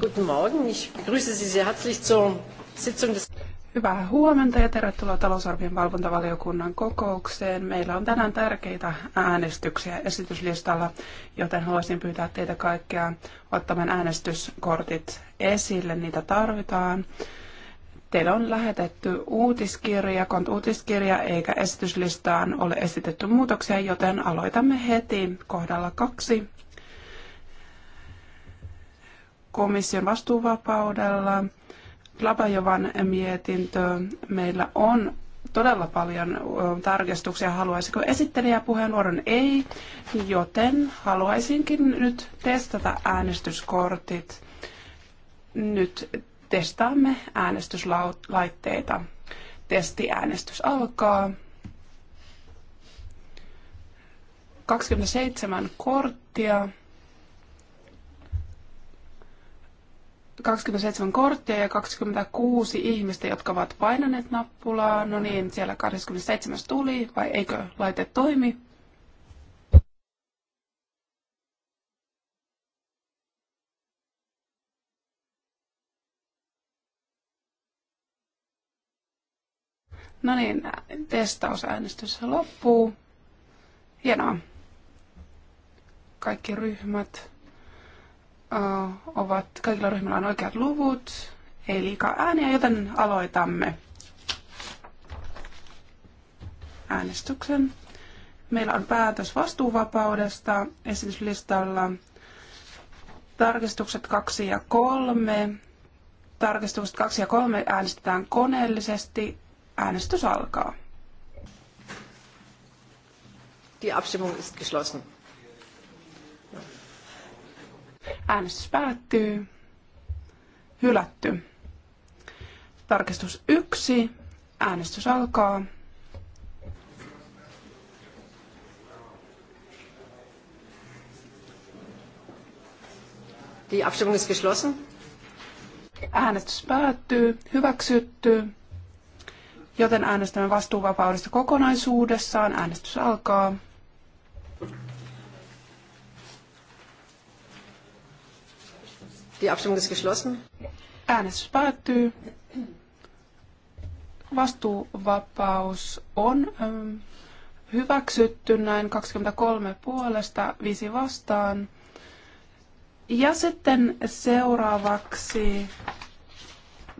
Guten Morgen. Ich begrüße Sie sehr herzlich zur Sitzung des Hyvää huomenta ja tervetuloa talousarvion valvontavaliokunnan kokoukseen. Meillä on tänään tärkeitä äänestyksiä esityslistalla, joten haluaisin pyytää teitä kaikkia ottamaan äänestyskortit esille. Niitä tarvitaan. Teille on lähetetty uutiskirja, kont uutiskirja eikä esityslistaan ole esitetty muutoksia, joten aloitamme heti kohdalla kaksi komission vastuuvapaudella. Labajovan mietintö. Meillä on todella paljon tarkistuksia. Haluaisiko esittelijä puheenvuoron? Ei, joten haluaisinkin nyt testata äänestyskortit. Nyt testaamme äänestyslaitteita. Testiäänestys alkaa. 27 korttia. 27 korttia ja 26 ihmistä, jotka ovat painaneet nappulaa. No niin, siellä 27 tuli, vai eikö laite toimi? No niin, testausäänestys loppuu. Hienoa. Kaikki ryhmät ovat, kaikilla ryhmillä on oikeat luvut, ei liikaa ääniä, joten aloitamme äänestyksen. Meillä on päätös vastuuvapaudesta esityslistalla tarkistukset 2 ja 3. Tarkistukset 2 ja 3 äänestetään koneellisesti. Äänestys alkaa. Die Abstimmung ist geschlossen. Äänestys päättyy. Hylätty. Tarkistus 1. Äänestys alkaa. Die Abstimmung ist geschlossen. Äänestys päättyy. Hyväksytty. Joten äänestämme vastuuvapaudesta kokonaisuudessaan. Äänestys alkaa. Die Abstimmung ist geschlossen. Äänestys päättyy. Vastuuvapaus on ähm, hyväksytty näin 23 puolesta, 5 vastaan. Ja sitten seuraavaksi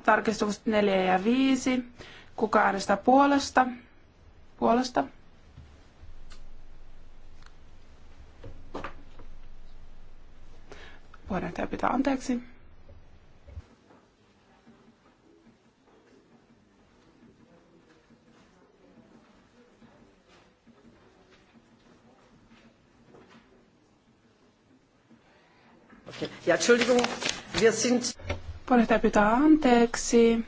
tarkistukset 4 ja 5. Kuka äänestää puolesta? Puolesta Voidaan tämä pitää anteeksi. Ja, Entschuldigung, wir sind... Puheenjohtaja pitää anteeksi.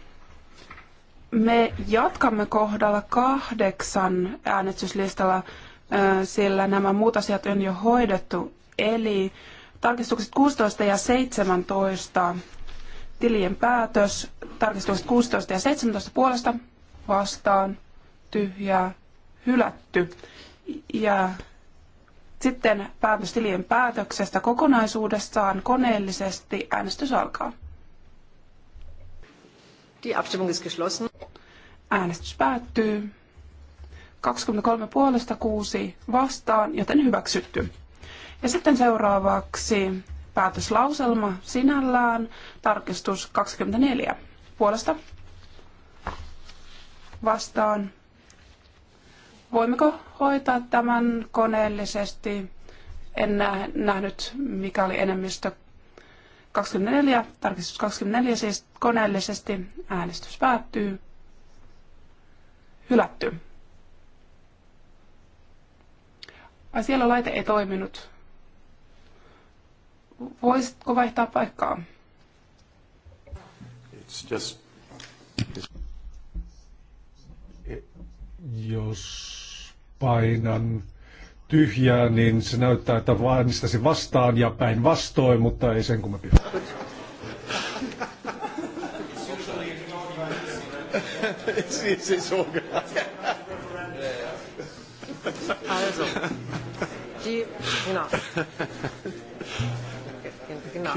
Me jatkamme kohdalla kahdeksan äänestyslistalla, sillä nämä muut asiat on jo hoidettu. Eli tarkistukset 16 ja 17, tilien päätös, tarkistukset 16 ja 17 puolesta vastaan, tyhjää, hylätty. Ja sitten päätös tilien päätöksestä kokonaisuudessaan koneellisesti äänestys alkaa. Die Abstimmung ist geschlossen. Äänestys päättyy. 23 puolesta 6 vastaan, joten hyväksytty. Ja sitten seuraavaksi päätöslauselma sinällään, tarkistus 24 puolesta vastaan. Voimmeko hoitaa tämän koneellisesti? En nähnyt, mikä oli enemmistö 24, tarkistus 24 siis koneellisesti. Äänestys päättyy. Hylätty. Ai siellä laite ei toiminut. Voisitko vaihtaa paikkaa? It's just... Jos painan tyhjää, niin se näyttää, että äänestäisin vastaan ja päin vastoin, mutta ei sen kummempi. it's, it's, it's organized. Also, die, genau. Genau.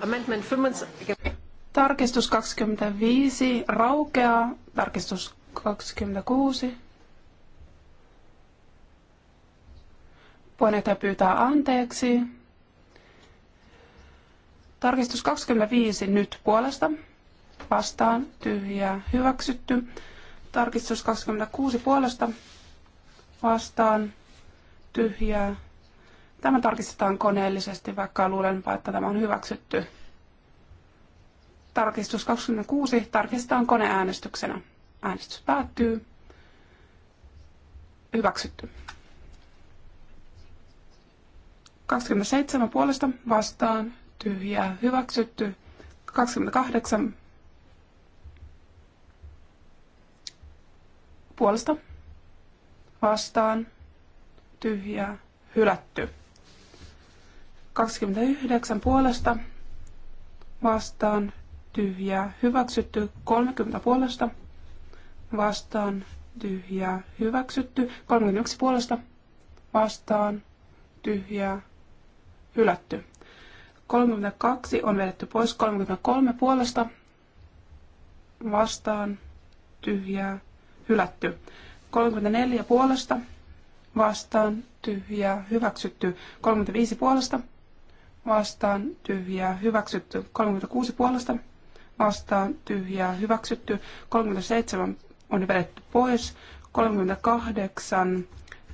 Amendment 25. Tarkistus 25 raukeaa. Tarkistus 26. Puheenjohtaja pyytää anteeksi. Tarkistus 25 nyt puolesta. Vastaan tyhjää hyväksytty. Tarkistus 26 puolesta. Vastaan tyhjää Tämä tarkistetaan koneellisesti, vaikka luulenpa, että tämä on hyväksytty. Tarkistus 26 tarkistetaan koneäänestyksenä. Äänestys päättyy. Hyväksytty. 27 puolesta vastaan, tyhjää, hyväksytty. 28 puolesta vastaan, tyhjää, hylätty. 29 puolesta vastaan tyhjää hyväksytty 30 puolesta vastaan tyhjää hyväksytty 31 puolesta vastaan tyhjää hylätty 32 on vedetty pois 33 puolesta vastaan tyhjää hylätty 34 puolesta vastaan tyhjää hyväksytty 35 puolesta vastaan tyhjää hyväksytty 36 puolesta vastaan tyhjää hyväksytty 37 on vedetty pois 38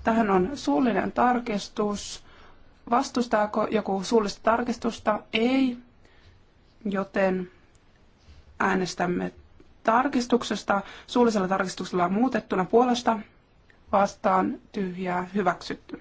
tähän on suullinen tarkistus vastustaako joku suullista tarkistusta ei joten äänestämme tarkistuksesta suullisella tarkistuksella muutettuna puolesta vastaan tyhjää hyväksytty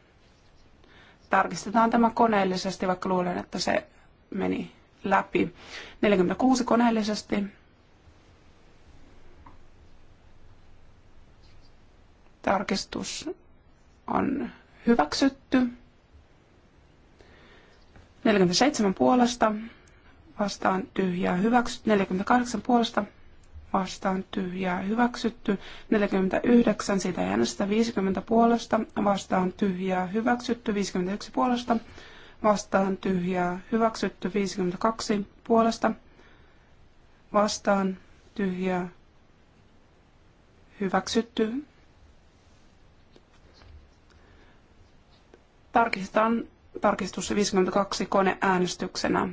tarkistetaan tämä koneellisesti, vaikka luulen, että se meni läpi. 46 koneellisesti. Tarkistus on hyväksytty. 47 puolesta vastaan tyhjää hyväksytty. 48 puolesta vastaan tyhjää hyväksytty. 49, siitä äänestä 50 puolesta vastaan tyhjää hyväksytty. 51 puolesta vastaan tyhjää hyväksytty. 52 puolesta vastaan tyhjää hyväksytty. Tarkistetaan tarkistus 52 koneäänestyksenä.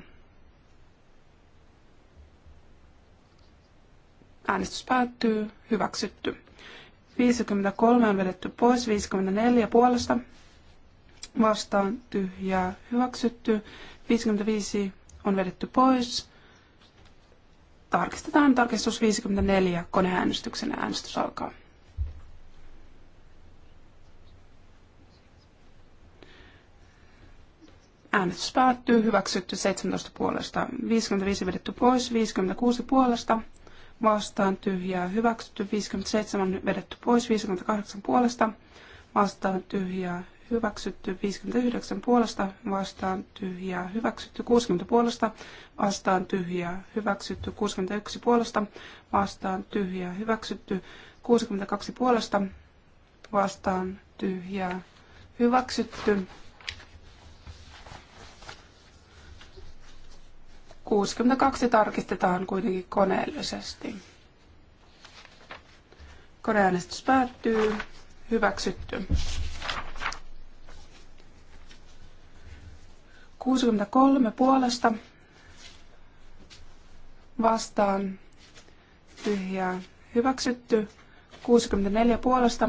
Äänestys päättyy. Hyväksytty. 53 on vedetty pois. 54 puolesta vastaan tyhjää hyväksytty. 55 on vedetty pois. Tarkistetaan tarkistus 54 koneäänestyksen äänestys alkaa. Äänestys päättyy, hyväksytty 17 puolesta, 55 vedetty pois, 56 puolesta, vastaan tyhjää hyväksytty, 57 vedetty pois, 58 puolesta vastaan tyhjää hyväksytty, 59 puolesta vastaan tyhjää hyväksytty, 60 puolesta vastaan tyhjää hyväksytty, 61 puolesta vastaan tyhjää hyväksytty, 62 puolesta vastaan tyhjää hyväksytty. 62 tarkistetaan kuitenkin koneellisesti. Koneäänestys päättyy. Hyväksytty. 63 puolesta vastaan tyhjää hyväksytty. 64 puolesta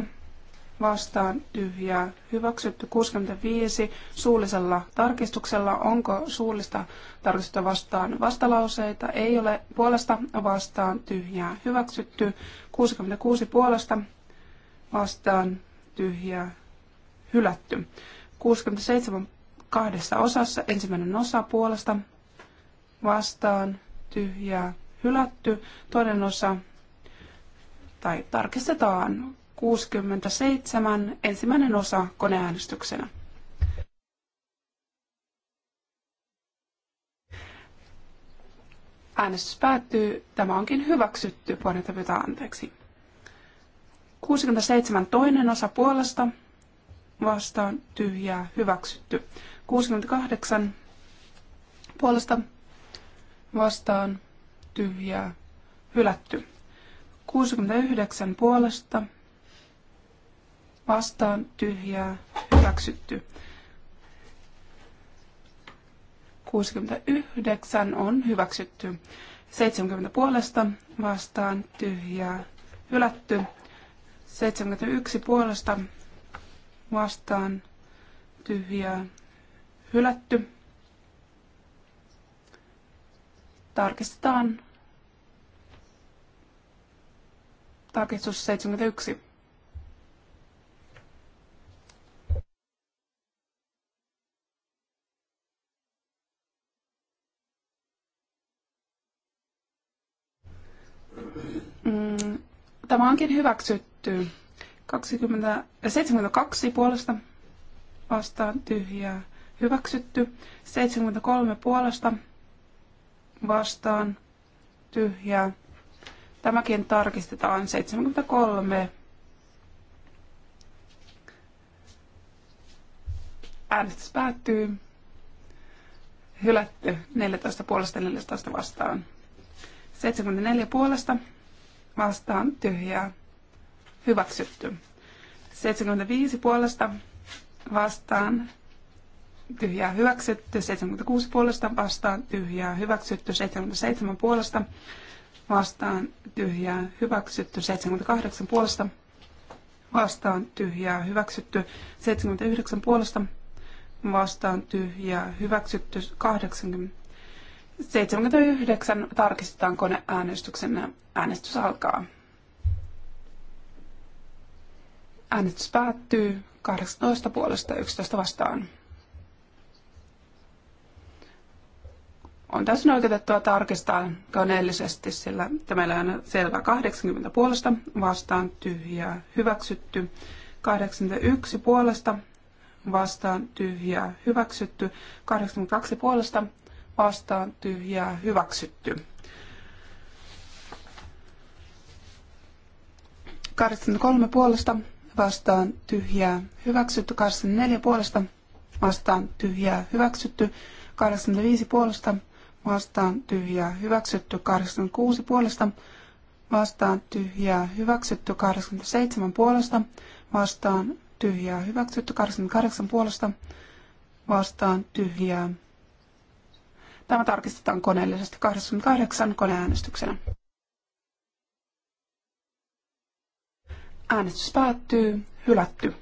vastaan tyhjää. Hyväksytty 65 suullisella tarkistuksella. Onko suullista tarkistusta vastaan vastalauseita? Ei ole puolesta vastaan tyhjää. Hyväksytty 66 puolesta vastaan tyhjää. Hylätty. 67 kahdessa osassa. Ensimmäinen osa puolesta vastaan tyhjää. Hylätty. Toinen osa tai tarkistetaan 67, ensimmäinen osa koneäänestyksenä. Äänestys päättyy. Tämä onkin hyväksytty. Puolelta pyytää anteeksi. 67 toinen osa puolesta vastaan tyhjää hyväksytty. 68 puolesta vastaan tyhjää hylätty. 69 puolesta vastaan tyhjää hyväksytty. 69 on hyväksytty. 70 puolesta vastaan tyhjää hylätty. 71 puolesta vastaan tyhjää hylätty. Tarkistetaan. Tarkistus 71. Tämä onkin hyväksytty. 20, 72 puolesta vastaan tyhjää hyväksytty. 73 puolesta vastaan tyhjää. Tämäkin tarkistetaan 73. Äänestys päättyy. Hylätty 14 puolesta 14 vastaan. 74 puolesta vastaan tyhjää hyväksytty. 75 puolesta vastaan tyhjää hyväksytty, 76 puolesta vastaan tyhjää hyväksytty, 77 puolesta vastaan tyhjää hyväksytty, 78 puolesta vastaan tyhjää hyväksytty, 79 puolesta vastaan tyhjää hyväksytty, 80 79 tarkistetaan koneäänestyksenä. Äänestys alkaa. Äänestys päättyy 18 puolesta 11 vastaan. On täysin oikeutettua tarkistaa koneellisesti, sillä tämä on selvä 80 puolesta vastaan tyhjää hyväksytty. 81 puolesta vastaan tyhjää hyväksytty. 82 puolesta vastaan tyhjää hyväksytty. kolme puolesta vastaan tyhjää hyväksytty. neljä puolesta vastaan tyhjää hyväksytty. viisi puolesta vastaan tyhjää hyväksytty. kuusi puolesta vastaan tyhjää hyväksytty. seitsemän puolesta vastaan tyhjää hyväksytty. kahdeksan puolesta vastaan tyhjää Tämä tarkistetaan koneellisesti 88 koneäänestyksenä. Äänestys päättyy. Hylätty.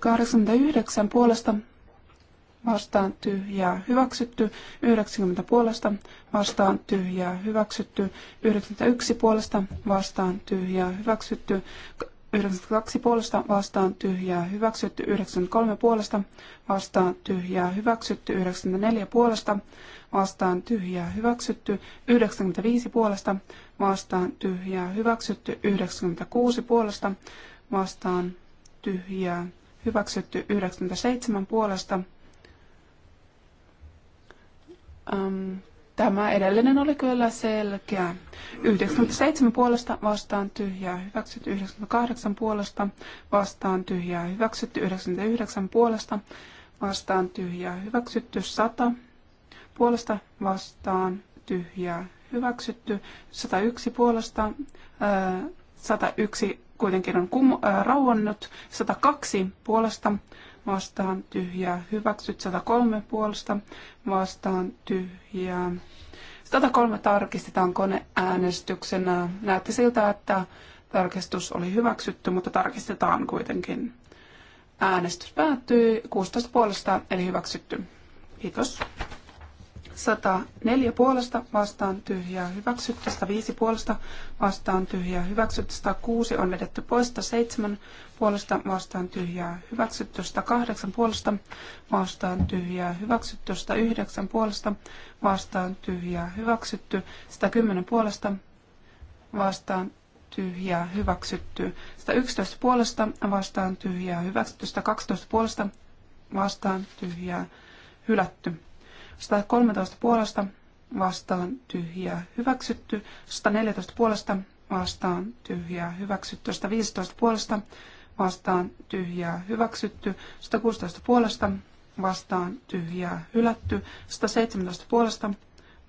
89 puolesta vastaan tyhjää hyväksytty, 90 puolesta vastaan tyhjää hyväksytty, 91 puolesta vastaan tyhjää hyväksytty, 92 puolesta vastaan tyhjää hyväksytty, 93 puolesta vastaan tyhjää hyväksytty, 94 puolesta vastaan tyhjää hyväksytty, 95 puolesta vastaan tyhjää hyväksytty, 96 puolesta vastaan tyhjää hyväksytty, 97 puolesta. Ähm, Tämä edellinen oli kyllä selkeä. 97 puolesta vastaan tyhjää hyväksytty, 98 puolesta vastaan tyhjää hyväksytty, 99 puolesta vastaan tyhjää hyväksytty, 100 puolesta vastaan tyhjää hyväksytty, 101 puolesta, ää, 101 kuitenkin on kum, ää, 102 puolesta vastaan tyhjää, hyväksyt 103 puolesta vastaan tyhjää. 103 tarkistetaan koneäänestyksenä. Näytti siltä, että tarkistus oli hyväksytty, mutta tarkistetaan kuitenkin. Äänestys päättyi 16 puolesta, eli hyväksytty. Kiitos. 104 puolesta vastaan tyhjää hyväksytty, 105 puolesta vastaan tyhjää hyväksytty, 106 on vedetty pois, 107 puolesta vastaan tyhjää hyväksytty, 108 puolesta vastaan tyhjää hyväksytty, 109 puolesta vastaan tyhjää hyväksytty, 110 puolesta vastaan tyhjää hyväksytty, 111 puolesta vastaan tyhjää hyväksytty, 112 puolesta vastaan tyhjää hylätty. 113 puolesta vastaan tyhjää hyväksytty, 114 puolesta vastaan tyhjää hyväksytty, 115 puolesta vastaan tyhjää hyväksytty, 116 puolesta vastaan tyhjää hylätty, 117 puolesta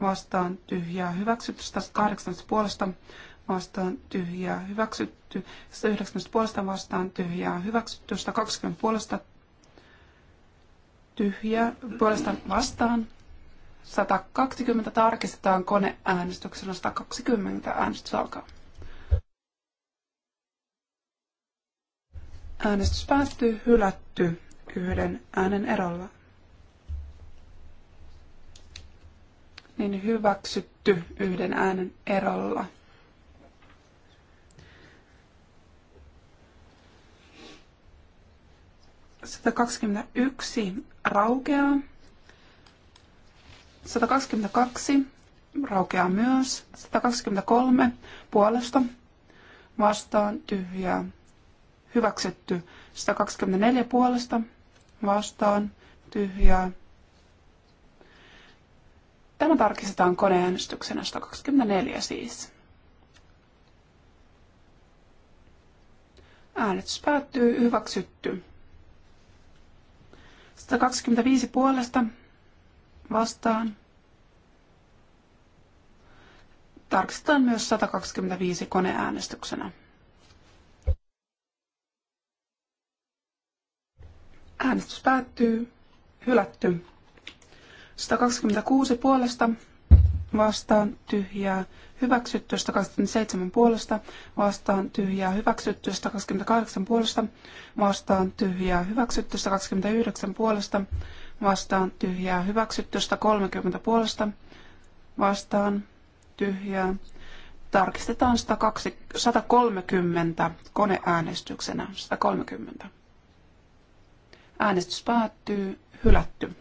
vastaan tyhjää hyväksytty, 118 puolesta vastaan tyhjää hyväksytty, 119 puolesta vastaan tyhjää hyväksytty, 120 puolesta tyhjää puolesta vastaan 120 tarkistetaan koneäänestyksellä. 120 äänestys alkaa. Äänestys päättyy hylätty yhden äänen erolla. Niin hyväksytty yhden äänen erolla. Sitä 21 raukeaa. 122 raukeaa myös. 123 puolesta vastaan tyhjää hyväksytty. 124 puolesta vastaan tyhjää. Tämä tarkistetaan koneäänestyksenä 124 siis. Äänestys päättyy hyväksytty. 125 puolesta vastaan. Tarkistetaan myös 125 koneäänestyksenä. Äänestys päättyy. Hylätty. 126 puolesta vastaan tyhjää hyväksytty, 127 puolesta vastaan tyhjää hyväksytty, 128 puolesta vastaan tyhjää hyväksytty, 129 puolesta vastaan tyhjää hyväksytystä kolmekymmentä puolesta vastaan tyhjää. Tarkistetaan 120, 130 koneäänestyksenä. 130. Äänestys päättyy. Hylätty.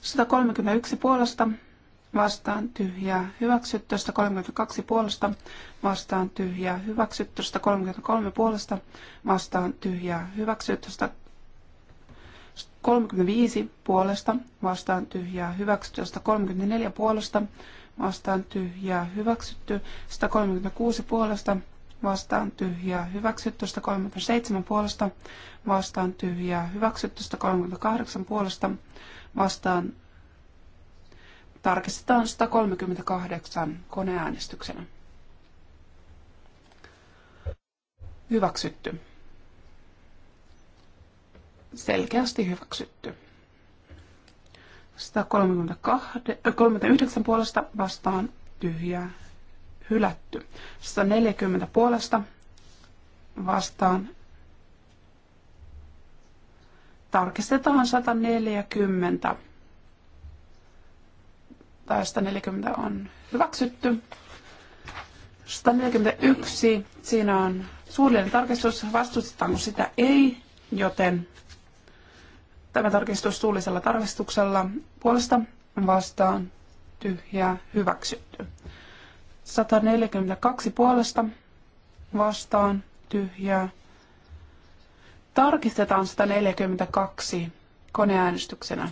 131 puolesta vastaan tyhjää hyväksytty. 132 puolesta vastaan tyhjää hyväksytty. 133 puolesta vastaan tyhjää hyväksytty. 35 puolesta vastaan tyhjää hyväksytty, 134 puolesta vastaan tyhjää hyväksytty, 136 puolesta vastaan tyhjää hyväksytty, 137 puolesta vastaan tyhjää hyväksytty, 138 puolesta vastaan tarkistetaan 138 koneäänestyksenä. Hyväksytty selkeästi hyväksytty. 139 äh, puolesta vastaan tyhjää hylätty. 140 puolesta vastaan tarkistetaan 140. Tai 140 on hyväksytty. 141, siinä on suullinen tarkistus, vastustetaanko sitä ei, joten Tämä tarkistus suullisella tarkistuksella puolesta vastaan tyhjää hyväksytty. 142 puolesta vastaan tyhjää. Tarkistetaan 142 koneäänestyksenä.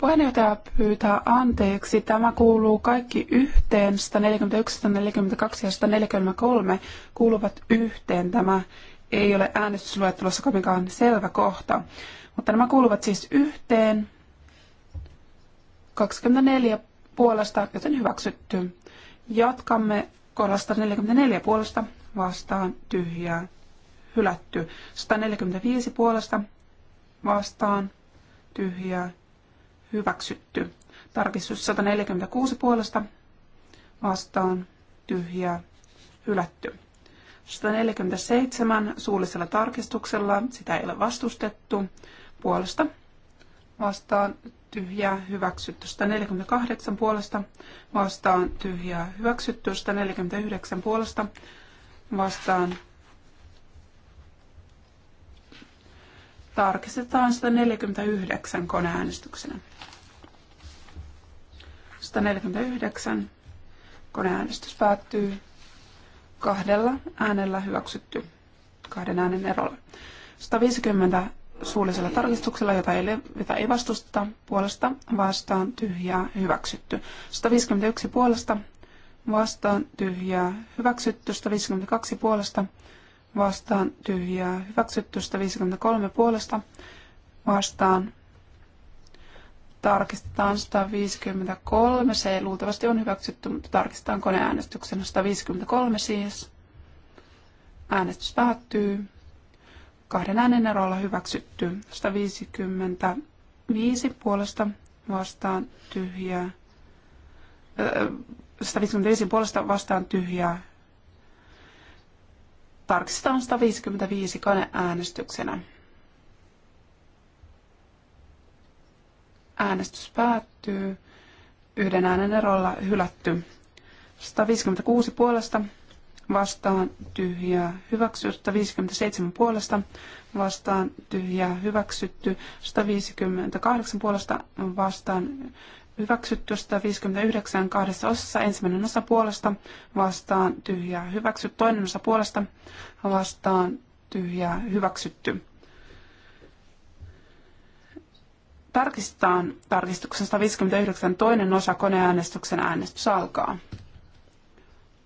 Puheenjohtaja pyytää anteeksi. Tämä kuuluu kaikki yhteen. 141, 142 ja 143 kuuluvat yhteen. Tämä ei ole äänestysluettelossa kovinkaan selvä kohta. Mutta nämä kuuluvat siis yhteen. 24 puolesta, joten hyväksytty. Jatkamme kohdasta 44 puolesta vastaan tyhjää hylätty. 145 puolesta vastaan tyhjää hyväksytty. Tarkistus 146 puolesta vastaan tyhjää hylätty. 147 suullisella tarkistuksella, sitä ei ole vastustettu, puolesta vastaan tyhjää hyväksytty. 148 puolesta vastaan tyhjää hyväksytty. 149 puolesta vastaan Tarkistetaan 149 koneäänestyksenä. 149 koneäänestys päättyy kahdella äänellä hyväksytty kahden äänen erolla. 150 suullisella tarkistuksella, jota ei, jota ei vastusteta puolesta, vastaan tyhjää hyväksytty. 151 puolesta, vastaan tyhjää hyväksytty. 152 puolesta, vastaan tyhjää hyväksytty, 53 puolesta vastaan tarkistetaan 153, se luultavasti on hyväksytty, mutta tarkistetaan koneäänestyksen 153 siis. Äänestys päättyy. Kahden äänen erolla hyväksytty 155 puolesta vastaan tyhjää. 155 puolesta vastaan tyhjää Tarkistetaan 155 koneäänestyksenä. Äänestys päättyy. Yhden äänen erolla hylätty. 156 puolesta vastaan tyhjää hyväksytty, 157 puolesta vastaan tyhjää hyväksytty, 158 puolesta vastaan hyväksytty 159 kahdessa osassa. Ensimmäinen osa puolesta vastaan tyhjää hyväksytty. Toinen osa puolesta vastaan tyhjää hyväksytty. Tarkistetaan tarkistuksen 159 toinen osa koneäänestyksen äänestys alkaa.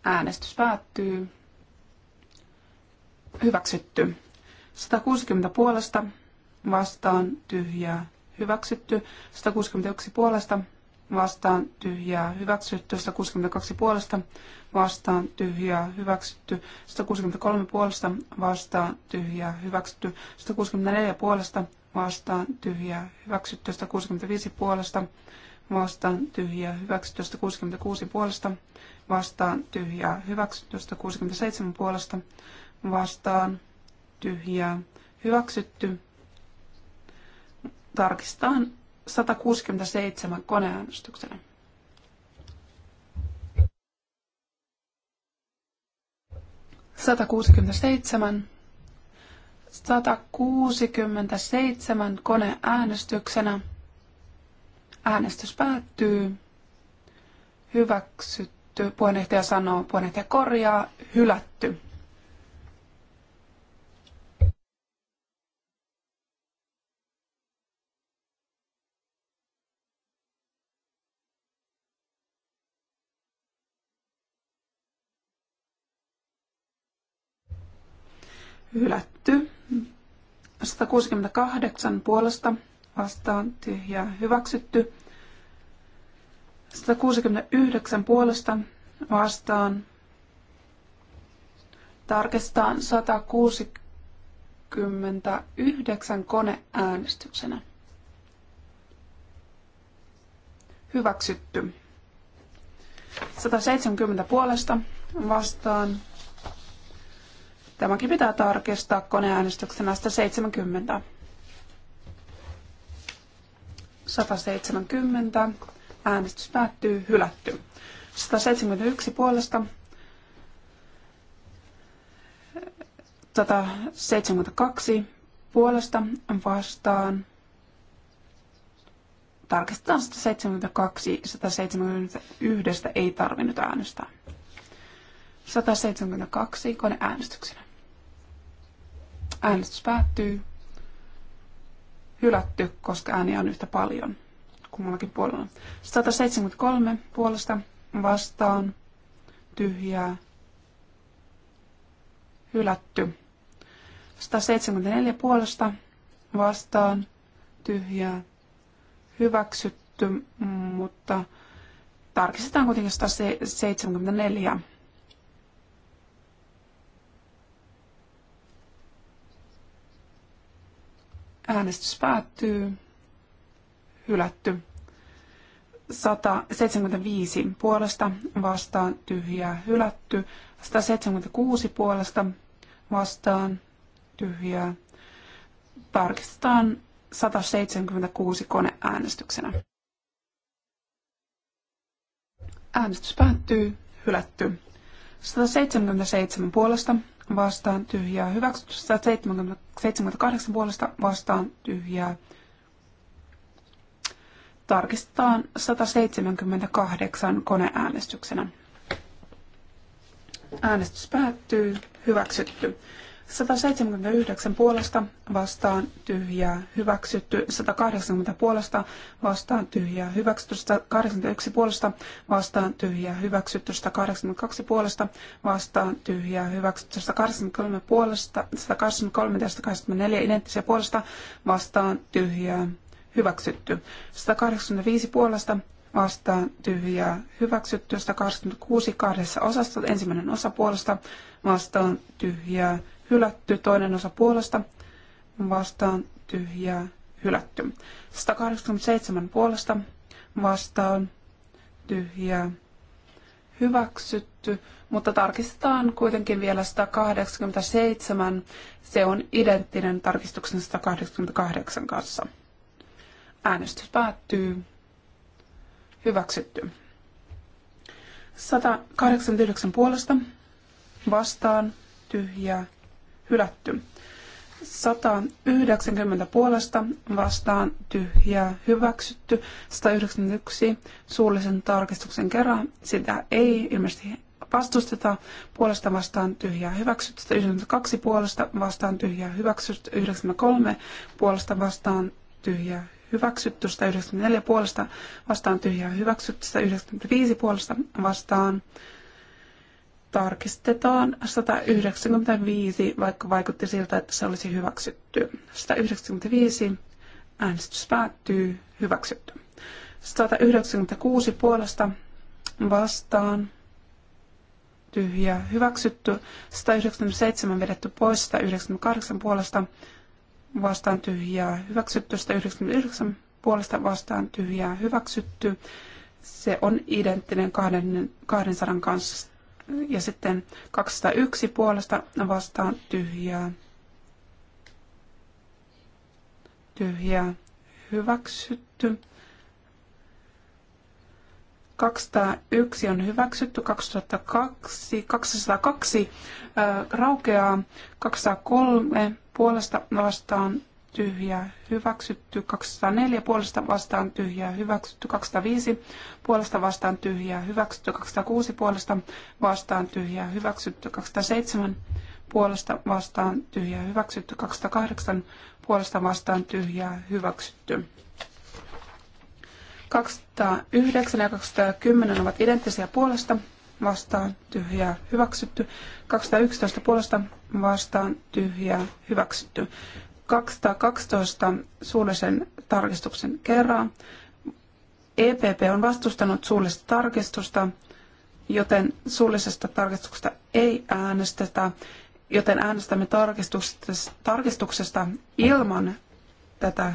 Äänestys päättyy. Hyväksytty. 160 puolesta vastaan tyhjää hyväksytty. 161 puolesta vastaan tyhjää hyväksytty, 162 puolesta vastaan tyhjää hyväksytty, 163 puolesta vastaan tyhjää hyväksytty, 164 puolesta vastaan tyhjää hyväksytty, 165 puolesta vastaan tyhjää hyväksytty, 166 puolesta vastaan tyhjää hyväksytty, 167 puolesta vastaan tyhjää hyväksytty. Tarkistaan 167 koneäänestyksellä. Sata kuusikymmentä seitsemän. 167 koneäänestyksenä. Äänestys päättyy. Hyväksytty. Puheenjohtaja sanoo, puheenjohtaja korjaa, hylätty. hylätty. 168 puolesta vastaan tyhjää hyväksytty. 169 puolesta vastaan tarkestaan 169 koneäänestyksenä. Hyväksytty. 170 puolesta vastaan Tämäkin pitää tarkistaa näistä 70, 170. Äänestys päättyy, hylätty. 171 puolesta. 172 puolesta vastaan. Tarkistetaan 172, 171 ei tarvinnut äänestää. 172 koneäänestyksenä. Äänestys päättyy. Hylätty, koska ääniä on yhtä paljon kummallakin puolella. 173 puolesta vastaan. Tyhjää. Hylätty. 174 puolesta vastaan. Tyhjää. Hyväksytty, mutta tarkistetaan kuitenkin 174. Äänestys päättyy. Hylätty. 175 puolesta vastaan tyhjää hylätty. 176 puolesta vastaan tyhjää. Tarkistetaan 176 koneäänestyksenä. Äänestys päättyy. Hylätty. 177 puolesta vastaan tyhjää. Hyväksytty 178 puolesta vastaan tyhjää. Tarkistetaan 178 koneäänestyksenä. Äänestys päättyy. Hyväksytty. 179 puolesta vastaan tyhjää hyväksytty, 180 puolesta vastaan tyhjää hyväksytty, 181 puolesta vastaan tyhjää hyväksytty, 182 puolesta vastaan tyhjää hyväksytty, 183 puolesta, 183 ja 184 identtisiä puolesta vastaan tyhjää hyväksytty, 185 puolesta vastaan tyhjää hyväksytty, 186 kahdessa osassa, ensimmäinen osa puolesta vastaan tyhjää hylätty, toinen osa puolesta vastaan tyhjää hylätty. 187 puolesta vastaan tyhjää hyväksytty, mutta tarkistetaan kuitenkin vielä 187. Se on identtinen tarkistuksen 188 kanssa. Äänestys päättyy. Hyväksytty. 189 puolesta vastaan tyhjää hylätty. 190 puolesta vastaan tyhjää hyväksytty. 191 suullisen tarkistuksen kerran. Sitä ei ilmeisesti vastusteta. Puolesta vastaan tyhjää hyväksytty. 192 puolesta vastaan tyhjää hyväksytty. 93 puolesta vastaan tyhjää hyväksytty. 194 puolesta vastaan tyhjää hyväksytty. 195 puolesta vastaan tarkistetaan 195, vaikka vaikutti siltä, että se olisi hyväksytty. 195, äänestys päättyy, hyväksytty. 196 puolesta vastaan, tyhjä, hyväksytty. 197 vedetty pois, 198 puolesta vastaan tyhjää, hyväksytty. 199 puolesta vastaan tyhjää, hyväksytty. Se on identtinen 200 kanssa ja sitten 201 puolesta vastaan tyhjää. Tyhjää hyväksytty. 201 on hyväksytty, 2002, 202 ää, raukeaa, 203 puolesta vastaan tyhjää hyväksytty, 204 puolesta vastaan tyhjää hyväksytty, 205 puolesta vastaan tyhjää hyväksytty, 206 puolesta vastaan tyhjää hyväksytty, 207 puolesta vastaan tyhjää hyväksytty, 208 puolesta vastaan tyhjää hyväksytty. 209 ja 210 ovat identtisiä puolesta vastaan tyhjää hyväksytty, 211 puolesta vastaan tyhjää hyväksytty, 212 suullisen tarkistuksen kerran. EPP on vastustanut suullista tarkistusta, joten suullisesta tarkistuksesta ei äänestetä, joten äänestämme tarkistuksesta ilman tätä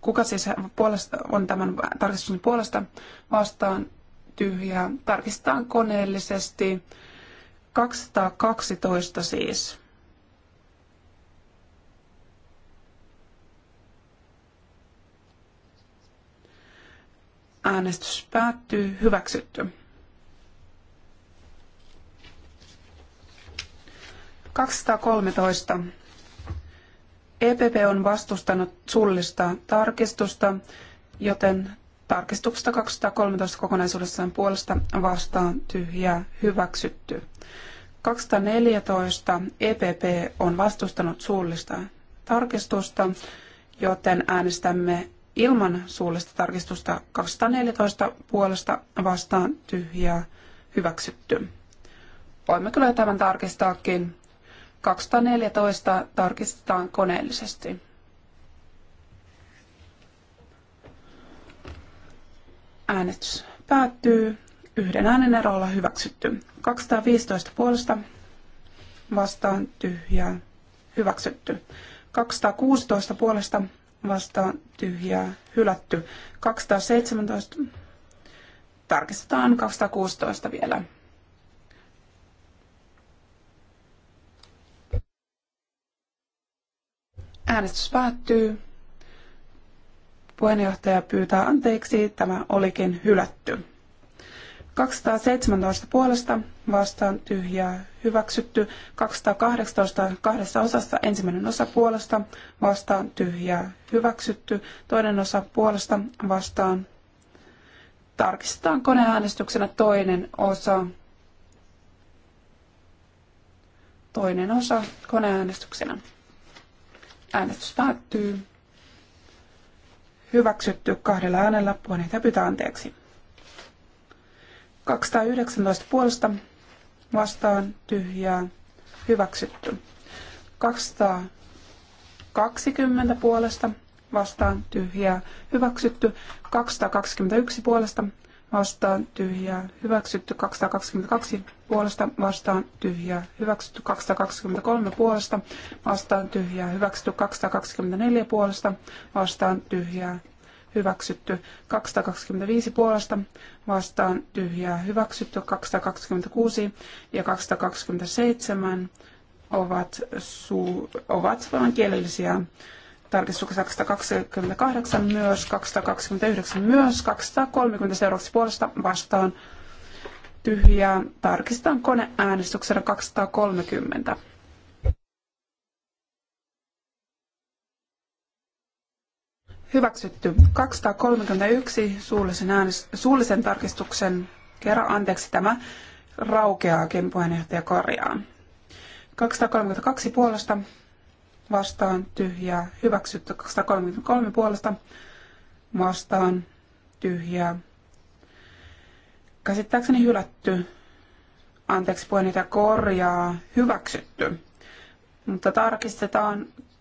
kuka siis puolesta, on tämän tarkistuksen puolesta vastaan tyhjää. Tarkistetaan koneellisesti. 212 siis. Äänestys päättyy. Hyväksytty. 213. EPP on vastustanut suullista tarkistusta, joten tarkistuksesta 213 kokonaisuudessaan puolesta vastaan tyhjää hyväksytty. 214 EPP on vastustanut suullista tarkistusta, joten äänestämme ilman suullista tarkistusta 214 puolesta vastaan tyhjää hyväksytty. Voimme kyllä tämän tarkistaakin. 214 tarkistetaan koneellisesti. Äänestys päättyy. Yhden äänen erolla hyväksytty. 215 puolesta vastaan tyhjää hyväksytty. 216 puolesta vastaan tyhjää hylätty. 217 tarkistetaan 216 vielä. Äänestys päättyy. Puheenjohtaja pyytää anteeksi, tämä olikin hylätty. 217 puolesta vastaan tyhjää hyväksytty. 218 kahdessa osassa ensimmäinen osa puolesta vastaan tyhjää hyväksytty. Toinen osa puolesta vastaan tarkistetaan koneäänestyksenä toinen osa. Toinen osa koneäänestyksenä. Äänestys päättyy. Hyväksytty kahdella äänellä. Puheenjohtaja pyytää anteeksi. 219 puolesta vastaan tyhjää hyväksytty. 220 puolesta vastaan tyhjää hyväksytty. 221 puolesta vastaan tyhjää hyväksytty. 222 puolesta vastaan tyhjää hyväksytty. 223 puolesta vastaan tyhjää hyväksytty. 224 puolesta vastaan tyhjää hyväksytty. 225 puolesta vastaan tyhjää hyväksytty 226 ja 227 ovat, su, ovat vain kielellisiä tarkistuksia 228 myös, 229 myös, 230 seuraavaksi puolesta vastaan tyhjää tarkistetaan koneäänestyksellä 230. hyväksytty 231 suullisen, äänest- suullisen tarkistuksen kerran. Anteeksi, tämä raukeaakin puheenjohtaja korjaan. 232 puolesta vastaan tyhjää hyväksytty. 233 puolesta vastaan tyhjää. Käsittääkseni hylätty. Anteeksi, puheenjohtaja korjaa hyväksytty. Mutta tarkistetaan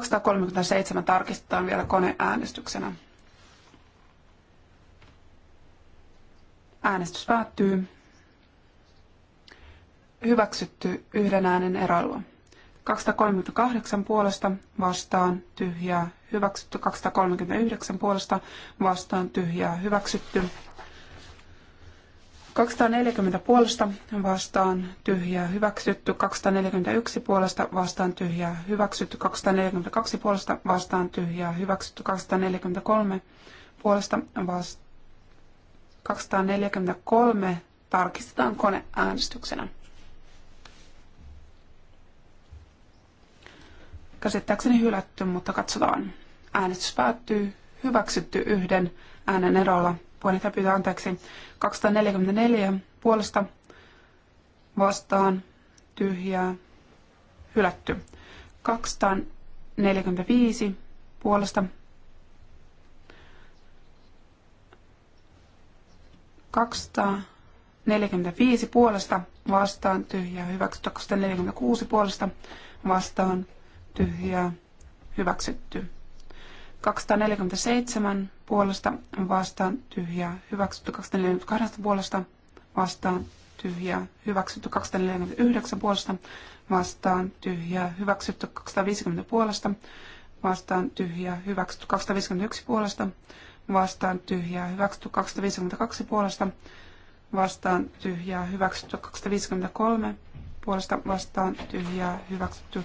237 tarkistetaan vielä koneäänestyksenä. Äänestys päättyy. Hyväksytty yhden äänen eroilla. 238 puolesta vastaan tyhjää hyväksytty. 239 puolesta vastaan tyhjää hyväksytty. 240 puolesta vastaan tyhjää hyväksytty, 241 puolesta vastaan tyhjää hyväksytty, 242 puolesta vastaan tyhjää hyväksytty, 243 puolesta vastaan 243 tarkistetaan koneäänestyksenä. Käsittääkseni hylätty, mutta katsotaan. Äänestys päättyy hyväksytty yhden äänen erolla puheenjohtaja pyytää anteeksi, 244 puolesta vastaan tyhjää hylätty. 245 puolesta 245 puolesta vastaan tyhjää hyväksytty, 246 puolesta vastaan tyhjää hyväksytty. 247 puolesta vastaan tyhjää hyväksytty 242 puolesta vastaan tyhjää hyväksytty 249 puolesta vastaan tyhjää hyväksytty 250 puolesta vastaan tyhjää hyväksytty 251 puolesta vastaan tyhjää hyväksytty 252 puolesta vastaan tyhjää hyväksytty 253 puolesta vastaan tyhjää hyväksytty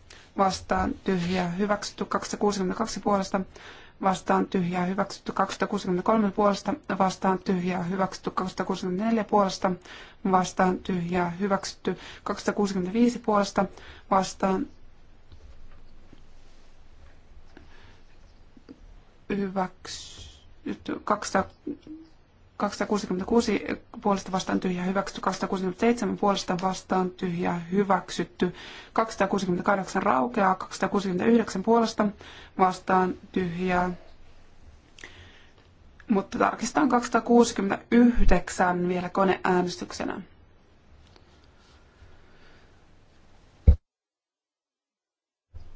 vastaan tyhjää hyväksytty 262 puolesta vastaan tyhjää hyväksytty 263 puolesta vastaan tyhjää hyväksytty 264 puolesta vastaan tyhjää hyväksytty 265 puolesta vastaan hyväksytty 200 266 puolesta vastaan tyhjä hyväksytty, 267 puolesta vastaan tyhjä hyväksytty, 268 raukeaa, 269 puolesta vastaan tyhjää. Mutta tarkistetaan 269 vielä koneäänestyksenä.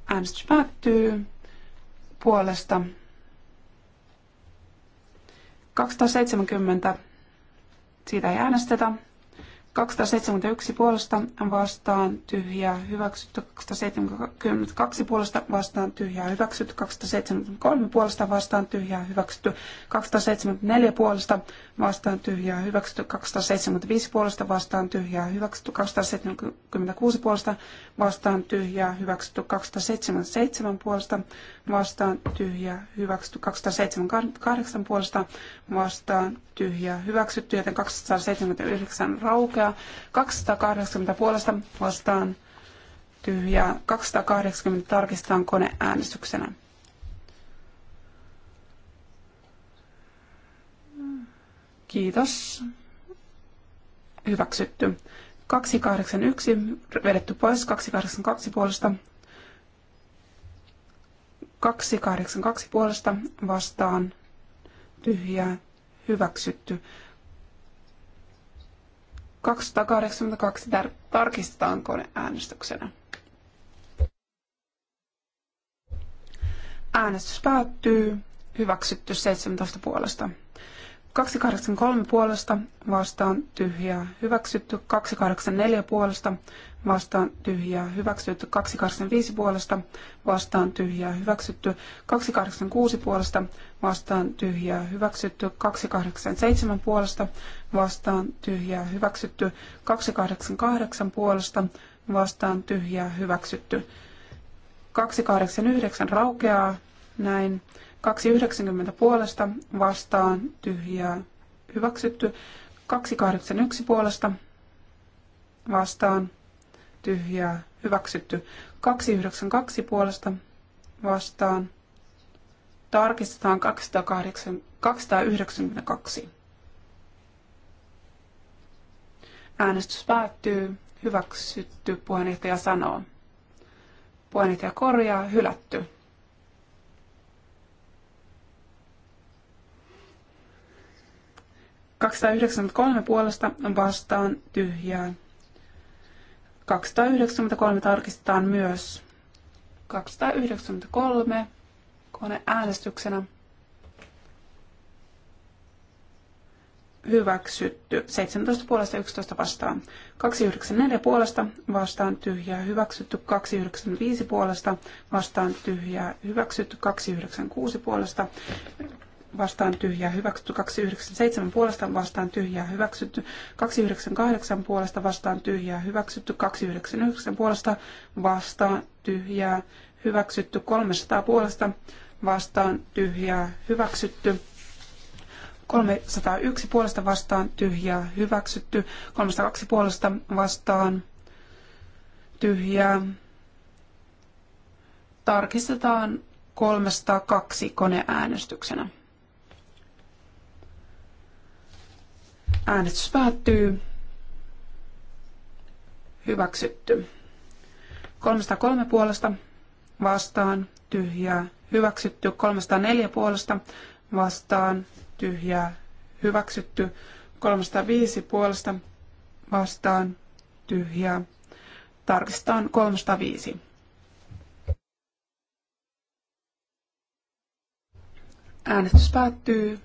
Äänestys päättyy puolesta 270. Siitä ei äänestetä. 271 puolesta vastaan tyhjää hyväksytty, 272 puolesta vastaan tyhjää hyväksytty, 273 puolesta vastaan tyhjää hyväksytty, 274 puolesta vastaan tyhjää hyväksytty, 275 puolesta vastaan tyhjää hyväksytty, 276 puolesta vastaan tyhjää hyväksytty, 277 puolesta vastaan tyhjää hyväksytty, 278 puolesta vastaan tyhjää hyväksytty, joten 279 raukeaa tyhjää, 280 puolesta vastaan tyhjää, 280 tarkistetaan koneäänestyksenä. Kiitos. Hyväksytty. 281 vedetty pois, 282 puolesta. 282 puolesta vastaan tyhjää hyväksytty. 282 tarkistetaan koneäänestyksenä. Äänestys päättyy. Hyväksytty 17 puolesta. 283 puolesta vastaan tyhjää hyväksytty, 284 puolesta vastaan tyhjää hyväksytty, 285 puolesta vastaan tyhjää hyväksytty, 286 puolesta vastaan tyhjää hyväksytty, 287 puolesta vastaan tyhjää hyväksytty, 288 puolesta vastaan tyhjää hyväksytty. 289 raukeaa näin 290 puolesta vastaan tyhjää hyväksytty. 281 puolesta vastaan tyhjää hyväksytty. 292 puolesta vastaan tarkistetaan 208, 292. Äänestys päättyy. Hyväksytty puheenjohtaja sanoo. Puheenjohtaja korjaa. Hylätty. 293 puolesta vastaan tyhjää. 293 tarkistetaan myös. 293 koneäänestyksenä hyväksytty. 17 puolesta 11 vastaan. 294 puolesta vastaan tyhjää hyväksytty. 295 puolesta vastaan tyhjää hyväksytty. 296 puolesta vastaan tyhjää hyväksytty, 297 puolesta vastaan tyhjää hyväksytty, 298 puolesta vastaan tyhjää hyväksytty, 299 puolesta vastaan tyhjää hyväksytty, 300 puolesta vastaan tyhjää hyväksytty, 301 puolesta vastaan tyhjää hyväksytty, 302 puolesta vastaan tyhjää. Tarkistetaan 302 koneäänestyksenä. Äänestys päättyy. Hyväksytty. 303 puolesta vastaan tyhjää hyväksytty. 304 puolesta vastaan tyhjää hyväksytty. 305 puolesta vastaan tyhjää. Tarkistetaan 305. Äänestys päättyy.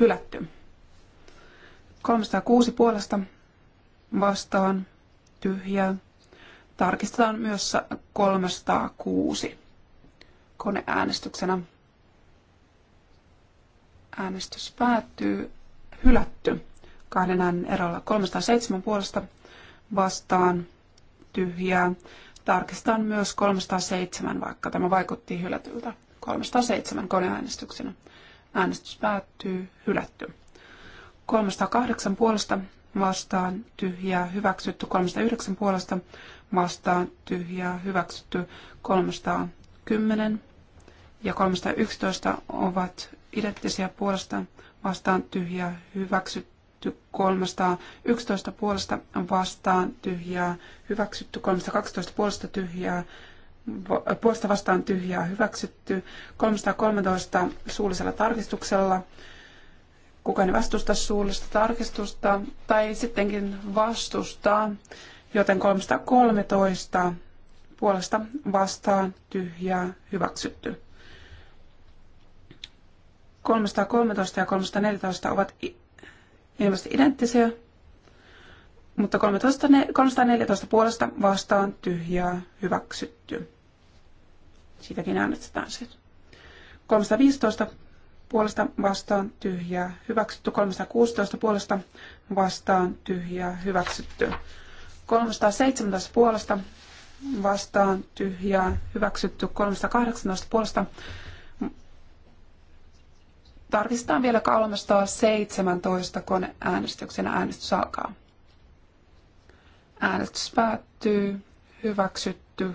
Hylätty. 306 puolesta vastaan tyhjää. Tarkistetaan myös 306 koneäänestyksenä. Äänestys päättyy. Hylätty. Kahden äänen erolla 307 puolesta vastaan tyhjää. Tarkistetaan myös 307, vaikka tämä vaikutti hylätyltä. 307 koneäänestyksenä. Äänestys päättyy. Hylätty. 308 puolesta vastaan tyhjää hyväksytty, 309 puolesta vastaan tyhjää hyväksytty, 310 ja 311 ovat identtisiä puolesta vastaan tyhjää hyväksytty, 311 puolesta vastaan tyhjää hyväksytty, 312 puolesta tyhjää puolesta vastaan tyhjää hyväksytty, 313 suullisella tarkistuksella Kukaan ei vastusta suullista tarkistusta tai sittenkin vastustaa, joten 313 puolesta vastaan tyhjää hyväksytty. 313 ja 314 ovat ilmeisesti identtisiä, mutta 13, 314 puolesta vastaan tyhjää hyväksytty. Siitäkin äänestetään siis. sitten. 315 puolesta vastaan tyhjää hyväksytty. 316 puolesta vastaan tyhjää hyväksytty. 317 puolesta vastaan tyhjää hyväksytty. 318 puolesta tarkistetaan vielä 317 koneäänestyksen äänestys alkaa. Äänestys päättyy. Hyväksytty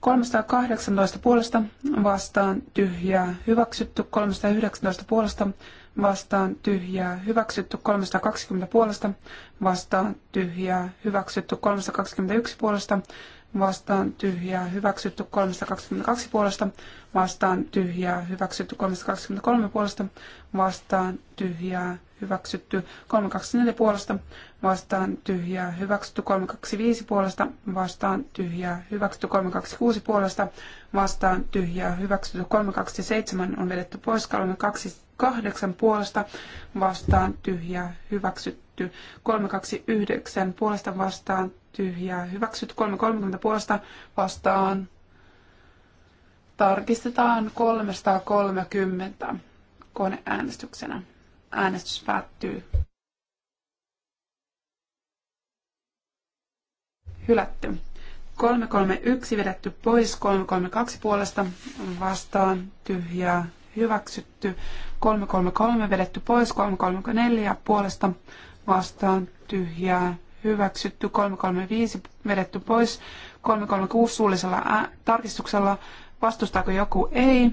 318 puolesta vastaan tyhjää hyväksytty, 319 puolesta vastaan tyhjää hyväksytty, 320 puolesta vastaan tyhjää hyväksytty, 321 puolesta vastaan tyhjää hyväksytty, 322 puolesta vastaan tyhjää hyväksytty, 323 puolesta vastaan tyhjää hyväksytty 324 puolesta vastaan tyhjää, hyväksytty 325 puolesta vastaan tyhjää, hyväksytty 326 puolesta vastaan tyhjää, hyväksytty 327 on vedetty pois, 328 puolesta vastaan tyhjää, hyväksytty 329 puolesta vastaan tyhjää, hyväksytty 330 puolesta vastaan tarkistetaan 330 koneäänestyksenä. Äänestys päättyy. Hylätty. 331 vedetty pois, 332 puolesta vastaan, tyhjää, hyväksytty. 333 vedetty pois, 334 puolesta vastaan, tyhjää, hyväksytty. 335 vedetty pois, 336 suullisella ä- tarkistuksella. Vastustaako joku? Ei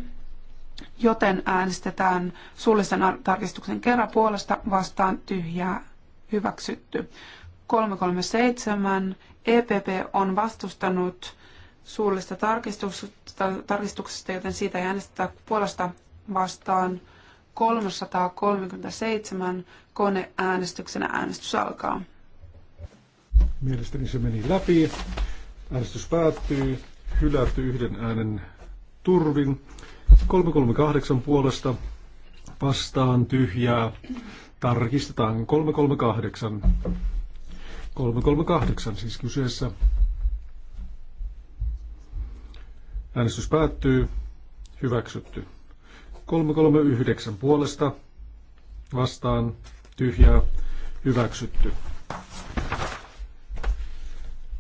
joten äänestetään suullisen tarkistuksen kerran puolesta vastaan tyhjää hyväksytty. 337 EPP on vastustanut suullista tarkistuksesta, joten siitä ei äänestetä puolesta vastaan 337 koneäänestyksenä äänestys alkaa. Mielestäni se meni läpi. Äänestys päättyy. Hylätty yhden äänen turvin. 338 puolesta vastaan tyhjää. Tarkistetaan 338. 338 siis kyseessä. Äänestys päättyy. Hyväksytty. 339 puolesta vastaan tyhjää. Hyväksytty.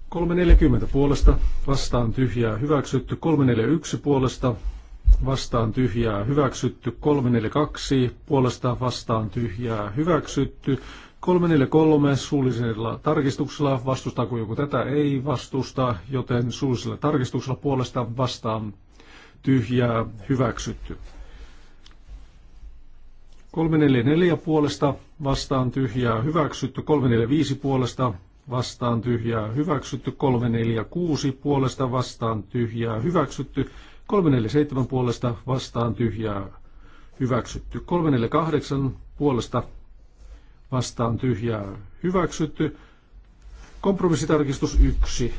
340 puolesta vastaan tyhjää. Hyväksytty. 341 puolesta vastaan tyhjää hyväksytty, 342 puolesta vastaan tyhjää hyväksytty, 343 suullisella tarkistuksella, vastustaako joku tätä, ei vastusta, joten suullisella tarkistuksella puolesta vastaan tyhjää hyväksytty. 344 puolesta vastaan tyhjää hyväksytty, 345 puolesta vastaan tyhjää hyväksytty, 346 puolesta vastaan tyhjää hyväksytty, 347 puolesta vastaan tyhjää hyväksytty. 348 puolesta vastaan tyhjää hyväksytty. Kompromissitarkistus 1.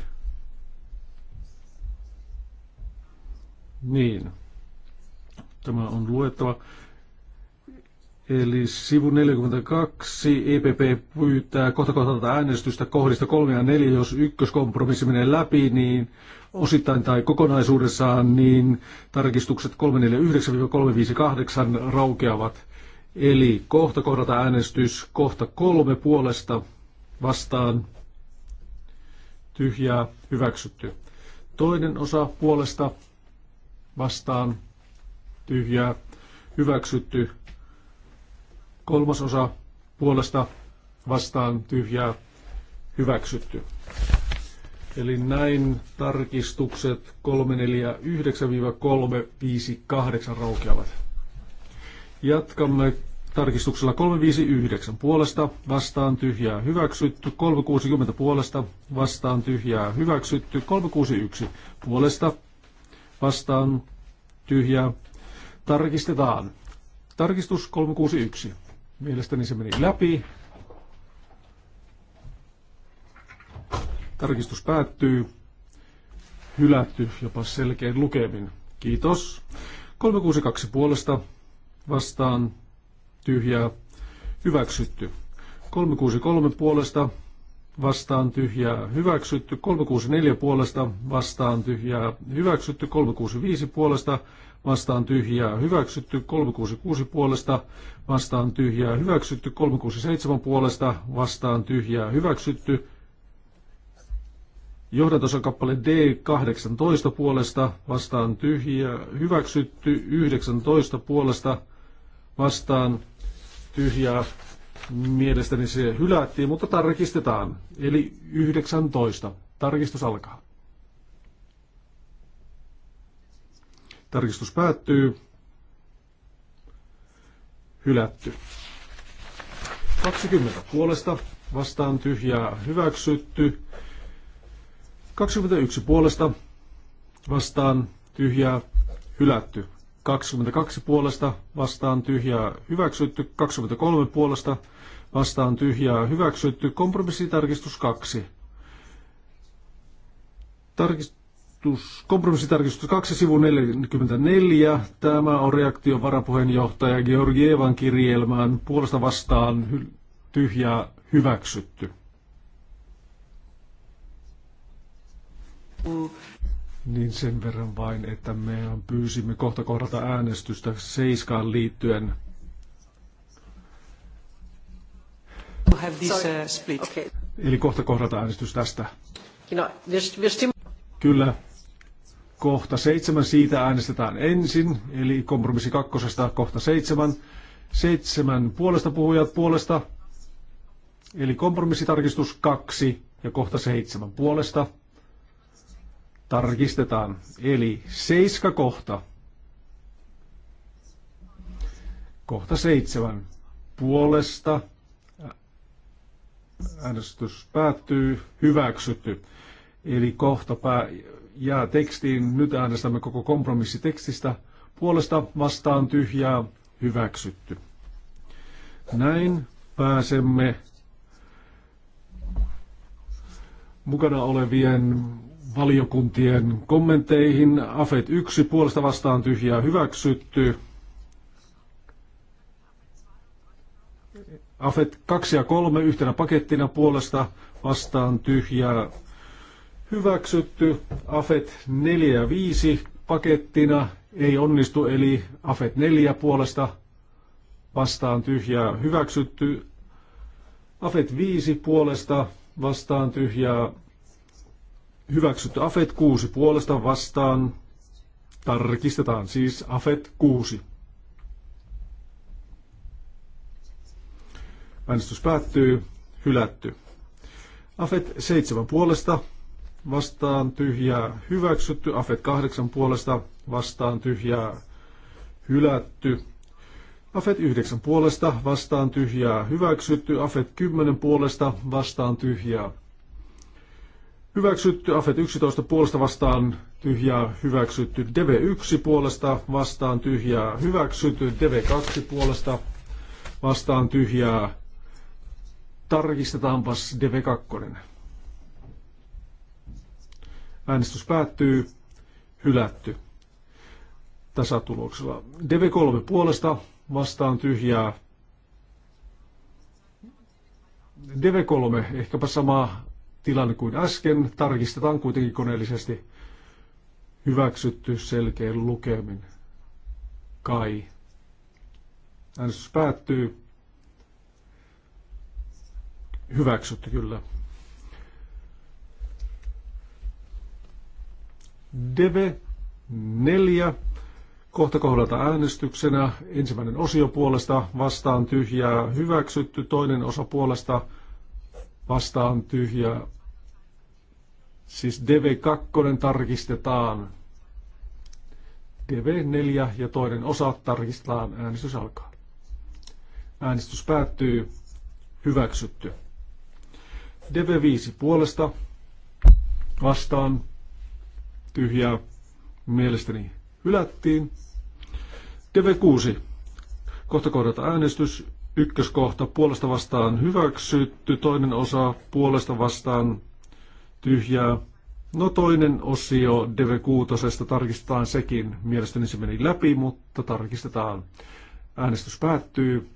Niin. Tämä on luettava. Eli sivu 42, EPP pyytää kohta kohdalta äänestystä kohdista 3 ja 4, jos ykköskompromissi menee läpi, niin osittain tai kokonaisuudessaan, niin tarkistukset 349-358 raukeavat. Eli kohta kohdata äänestys, kohta kolme puolesta vastaan tyhjää hyväksytty. Toinen osa puolesta vastaan tyhjää hyväksytty. Kolmas osa puolesta vastaan tyhjää hyväksytty. Eli näin tarkistukset 349-358 raukeavat. Jatkamme tarkistuksella 359 puolesta, vastaan tyhjää hyväksytty, 360 puolesta, vastaan tyhjää hyväksytty, 361 puolesta, vastaan tyhjää. Tarkistetaan. Tarkistus 361. Mielestäni se meni läpi. Tarkistus päättyy. Hylätty jopa selkein lukemin. Kiitos. 362 puolesta vastaan tyhjää hyväksytty. 363 puolesta vastaan tyhjää hyväksytty, 364 puolesta vastaan tyhjää hyväksytty, 365 puolesta vastaan tyhjää hyväksytty, 366 puolesta vastaan tyhjää hyväksytty, 367 puolesta vastaan tyhjää hyväksytty, Johdantosan kappale D18 puolesta vastaan tyhjä hyväksytty, 19 puolesta vastaan tyhjää mielestäni se hylättiin, mutta tarkistetaan. Eli 19. Tarkistus alkaa. Tarkistus päättyy. Hylätty. 20 puolesta vastaan tyhjää hyväksytty. 21 puolesta vastaan tyhjää hylätty. 22 puolesta vastaan tyhjää hyväksytty. 23 puolesta vastaan tyhjää hyväksytty. Kompromissitarkistus 2. Tarkistus, kompromissitarkistus 2 sivu 44. Tämä on reaktio varapuheenjohtaja Georgievan kirjelmään puolesta vastaan tyhjää hyväksytty. Niin sen verran vain, että me pyysimme kohta kohdata äänestystä Seiskaan liittyen. Have this, uh, split. Okay. Eli kohta kohdata äänestys tästä. Kyllä. Kohta seitsemän, siitä äänestetään ensin, eli kompromissi kakkosesta kohta seitsemän. Seitsemän puolesta puhujat puolesta, eli kompromissitarkistus kaksi ja kohta seitsemän puolesta Tarkistetaan. Eli seiska kohta. Kohta seitsemän. Puolesta. Äänestys päättyy. Hyväksytty. Eli kohta pää jää tekstiin. Nyt äänestämme koko kompromissitekstistä. Puolesta vastaan tyhjää. Hyväksytty. Näin pääsemme mukana olevien valiokuntien kommentteihin. AFET 1 puolesta vastaan tyhjää hyväksytty. AFET 2 ja 3 yhtenä pakettina puolesta vastaan tyhjää hyväksytty. AFET 4 ja 5 pakettina ei onnistu, eli AFET 4 puolesta vastaan tyhjää hyväksytty. AFET 5 puolesta vastaan tyhjää Hyväksytty AFET 6 puolesta vastaan. Tarkistetaan siis AFET 6. Äänestys päättyy. Hylätty. AFET 7 puolesta vastaan tyhjää hyväksytty. AFET 8 puolesta vastaan tyhjää hylätty. AFET 9 puolesta vastaan tyhjää hyväksytty. AFET 10 puolesta vastaan tyhjää hyväksytty, AFET 11 puolesta vastaan tyhjää hyväksytty, DV1 puolesta vastaan tyhjää hyväksytty, DV2 puolesta vastaan tyhjää. Tarkistetaanpas DV2. Äänestys päättyy, hylätty tasatuloksella. DV3 puolesta vastaan tyhjää. DV3, ehkäpä sama tilanne kuin äsken. Tarkistetaan kuitenkin koneellisesti hyväksytty selkeä lukemin. Kai. Äänestys päättyy. Hyväksytty kyllä. Deve 4. Kohta kohdalta äänestyksenä. Ensimmäinen osio puolesta vastaan tyhjää hyväksytty. Toinen osa puolesta vastaan tyhjää Siis DV2 tarkistetaan. DV4 ja toinen osa tarkistetaan. Äänestys alkaa. Äänestys päättyy. Hyväksytty. DV5 puolesta. Vastaan. Tyhjää. Mielestäni hylättiin. DV6. Kohta kohdata äänestys. Ykköskohta puolesta vastaan hyväksytty. Toinen osa puolesta vastaan tyhjää. No toinen osio DV6 tarkistetaan sekin. Mielestäni se meni läpi, mutta tarkistetaan. Äänestys päättyy.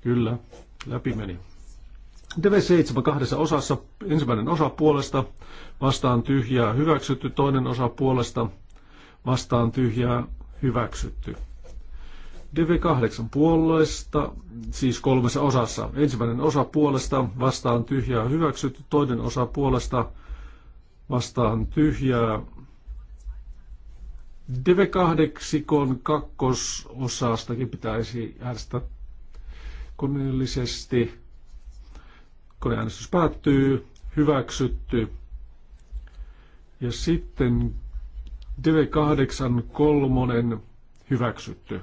Kyllä, läpi meni. DV7 kahdessa osassa. Ensimmäinen osa puolesta vastaan tyhjää hyväksytty, toinen osa puolesta vastaan tyhjää hyväksytty. DV8 puolesta, siis kolmessa osassa. Ensimmäinen osa puolesta vastaan tyhjää hyväksytty, toinen osa puolesta vastaan tyhjää. DV8 kakkososastakin pitäisi äänestää koneellisesti. Koneäänestys päättyy, hyväksytty. Ja sitten DV8 kolmonen hyväksytty.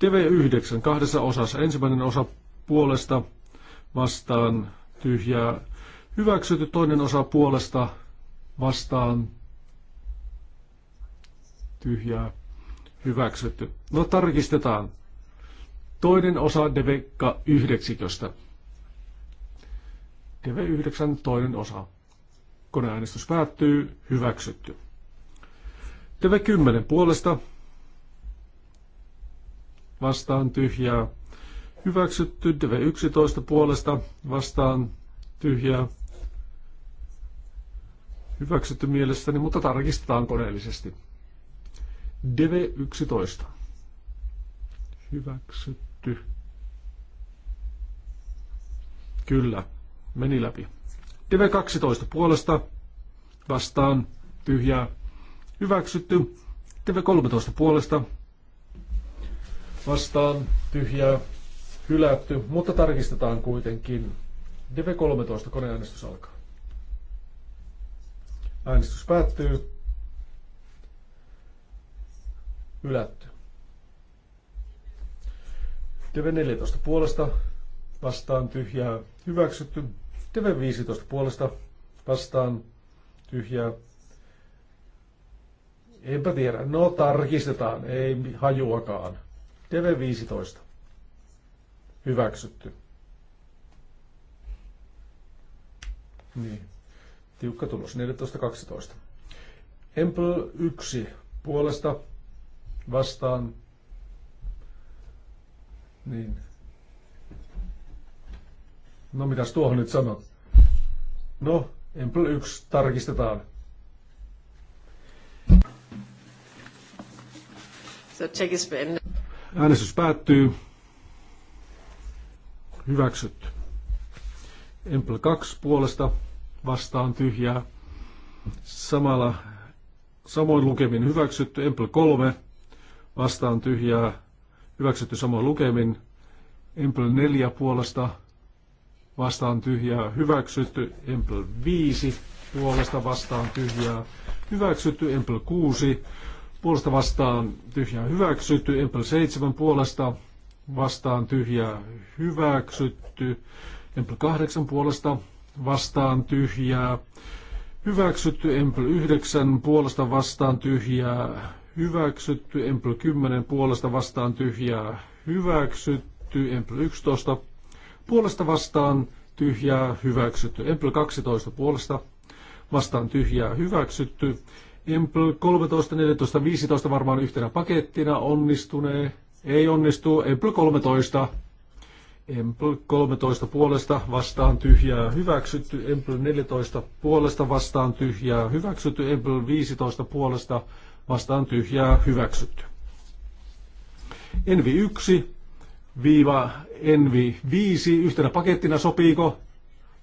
TV9 kahdessa osassa. Ensimmäinen osa puolesta vastaan tyhjää hyväksytty, toinen osa puolesta vastaan tyhjää hyväksytty. No tarkistetaan. Toinen osa Devekka yhdeksiköstä. TV9 toinen osa. Koneäänestys päättyy, hyväksytty. TV10 puolesta vastaan tyhjää. Hyväksytty Deve 11 puolesta vastaan tyhjää. Hyväksytty mielestäni, mutta tarkistetaan koneellisesti. Deve 11. Hyväksytty. Kyllä, meni läpi. Deve 12 puolesta vastaan tyhjää. Hyväksytty. Deve 13 puolesta vastaan tyhjää hylätty, mutta tarkistetaan kuitenkin. DV13 koneäänestys alkaa. Äänestys päättyy. Hylätty. DV14 puolesta vastaan tyhjää hyväksytty. DV15 puolesta vastaan tyhjää Enpä tiedä. No tarkistetaan, ei hajuakaan tv 15 Hyväksytty. Niin. Tiukka tulos. 14.12. Empel 1 puolesta vastaan. Niin. No mitäs tuohon nyt sanot? No, Empel 1 tarkistetaan. So check is been. Äänestys päättyy. Hyväksytty. Empel 2 puolesta vastaan tyhjää. Samalla, samoin lukemin hyväksytty. Empel 3 vastaan tyhjää. Hyväksytty samoin lukemin. Empel 4 puolesta vastaan tyhjää. Hyväksytty. Empel 5 puolesta vastaan tyhjää. Hyväksytty. Empel 6 puolesta vastaan tyhjää hyväksytty, Empel 7 puolesta vastaan tyhjää hyväksytty, Empel 8 puolesta vastaan tyhjää hyväksytty, Empel 9 puolesta vastaan tyhjää hyväksytty, Empel 10 puolesta vastaan tyhjää hyväksytty, Empel 11 puolesta vastaan tyhjää hyväksytty, Empel 12 puolesta vastaan tyhjää hyväksytty, Empl 13, 14, 15 varmaan yhtenä pakettina onnistunee. Ei onnistu. Empl 13. Empl 13 puolesta vastaan tyhjää hyväksytty. Empl 14 puolesta vastaan tyhjää hyväksytty. Empl 15 puolesta vastaan tyhjää hyväksytty. Envi 1 viiva Envi 5 yhtenä pakettina sopiiko?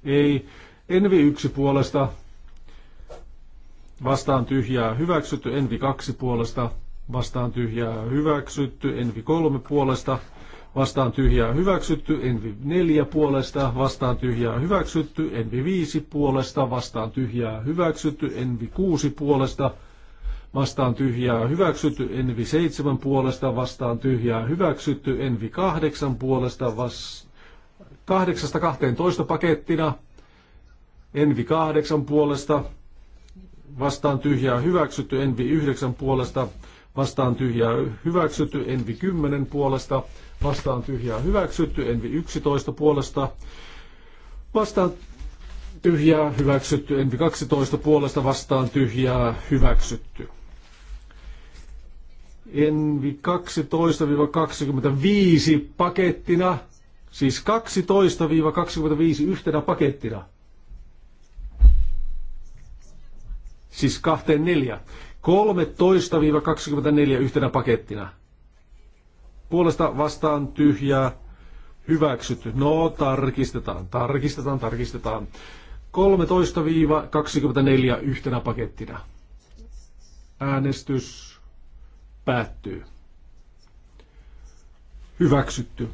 Ei. Envi 1 puolesta vastaan tyhjää hyväksytty, Envi 2 puolesta vastaan tyhjää hyväksytty, Envi 3 puolesta vastaan tyhjää hyväksytty, Envi 4 puolesta vastaan tyhjää hyväksytty, Envi 5 puolesta vastaan tyhjää hyväksytty, Envi 6 puolesta vastaan tyhjää hyväksytty, Envi 7 puolesta vastaan tyhjää hyväksytty, Envi 8 puolesta kahdeksasta 8-12 pakettina, Envi 8 puolesta vastaan tyhjää hyväksytty, Envi 9 puolesta vastaan tyhjää hyväksytty, Envi 10 puolesta vastaan tyhjää hyväksytty, Envi 11 puolesta vastaan tyhjää hyväksytty, Envi 12 puolesta vastaan tyhjää hyväksytty. Envi 12-25 pakettina, siis 12-25 yhtenä pakettina Siis kahteen neljä. 13-24 yhtenä pakettina. Puolesta vastaan tyhjää. Hyväksytty. No, tarkistetaan, tarkistetaan, tarkistetaan. 13-24 yhtenä pakettina. Äänestys päättyy. Hyväksytty.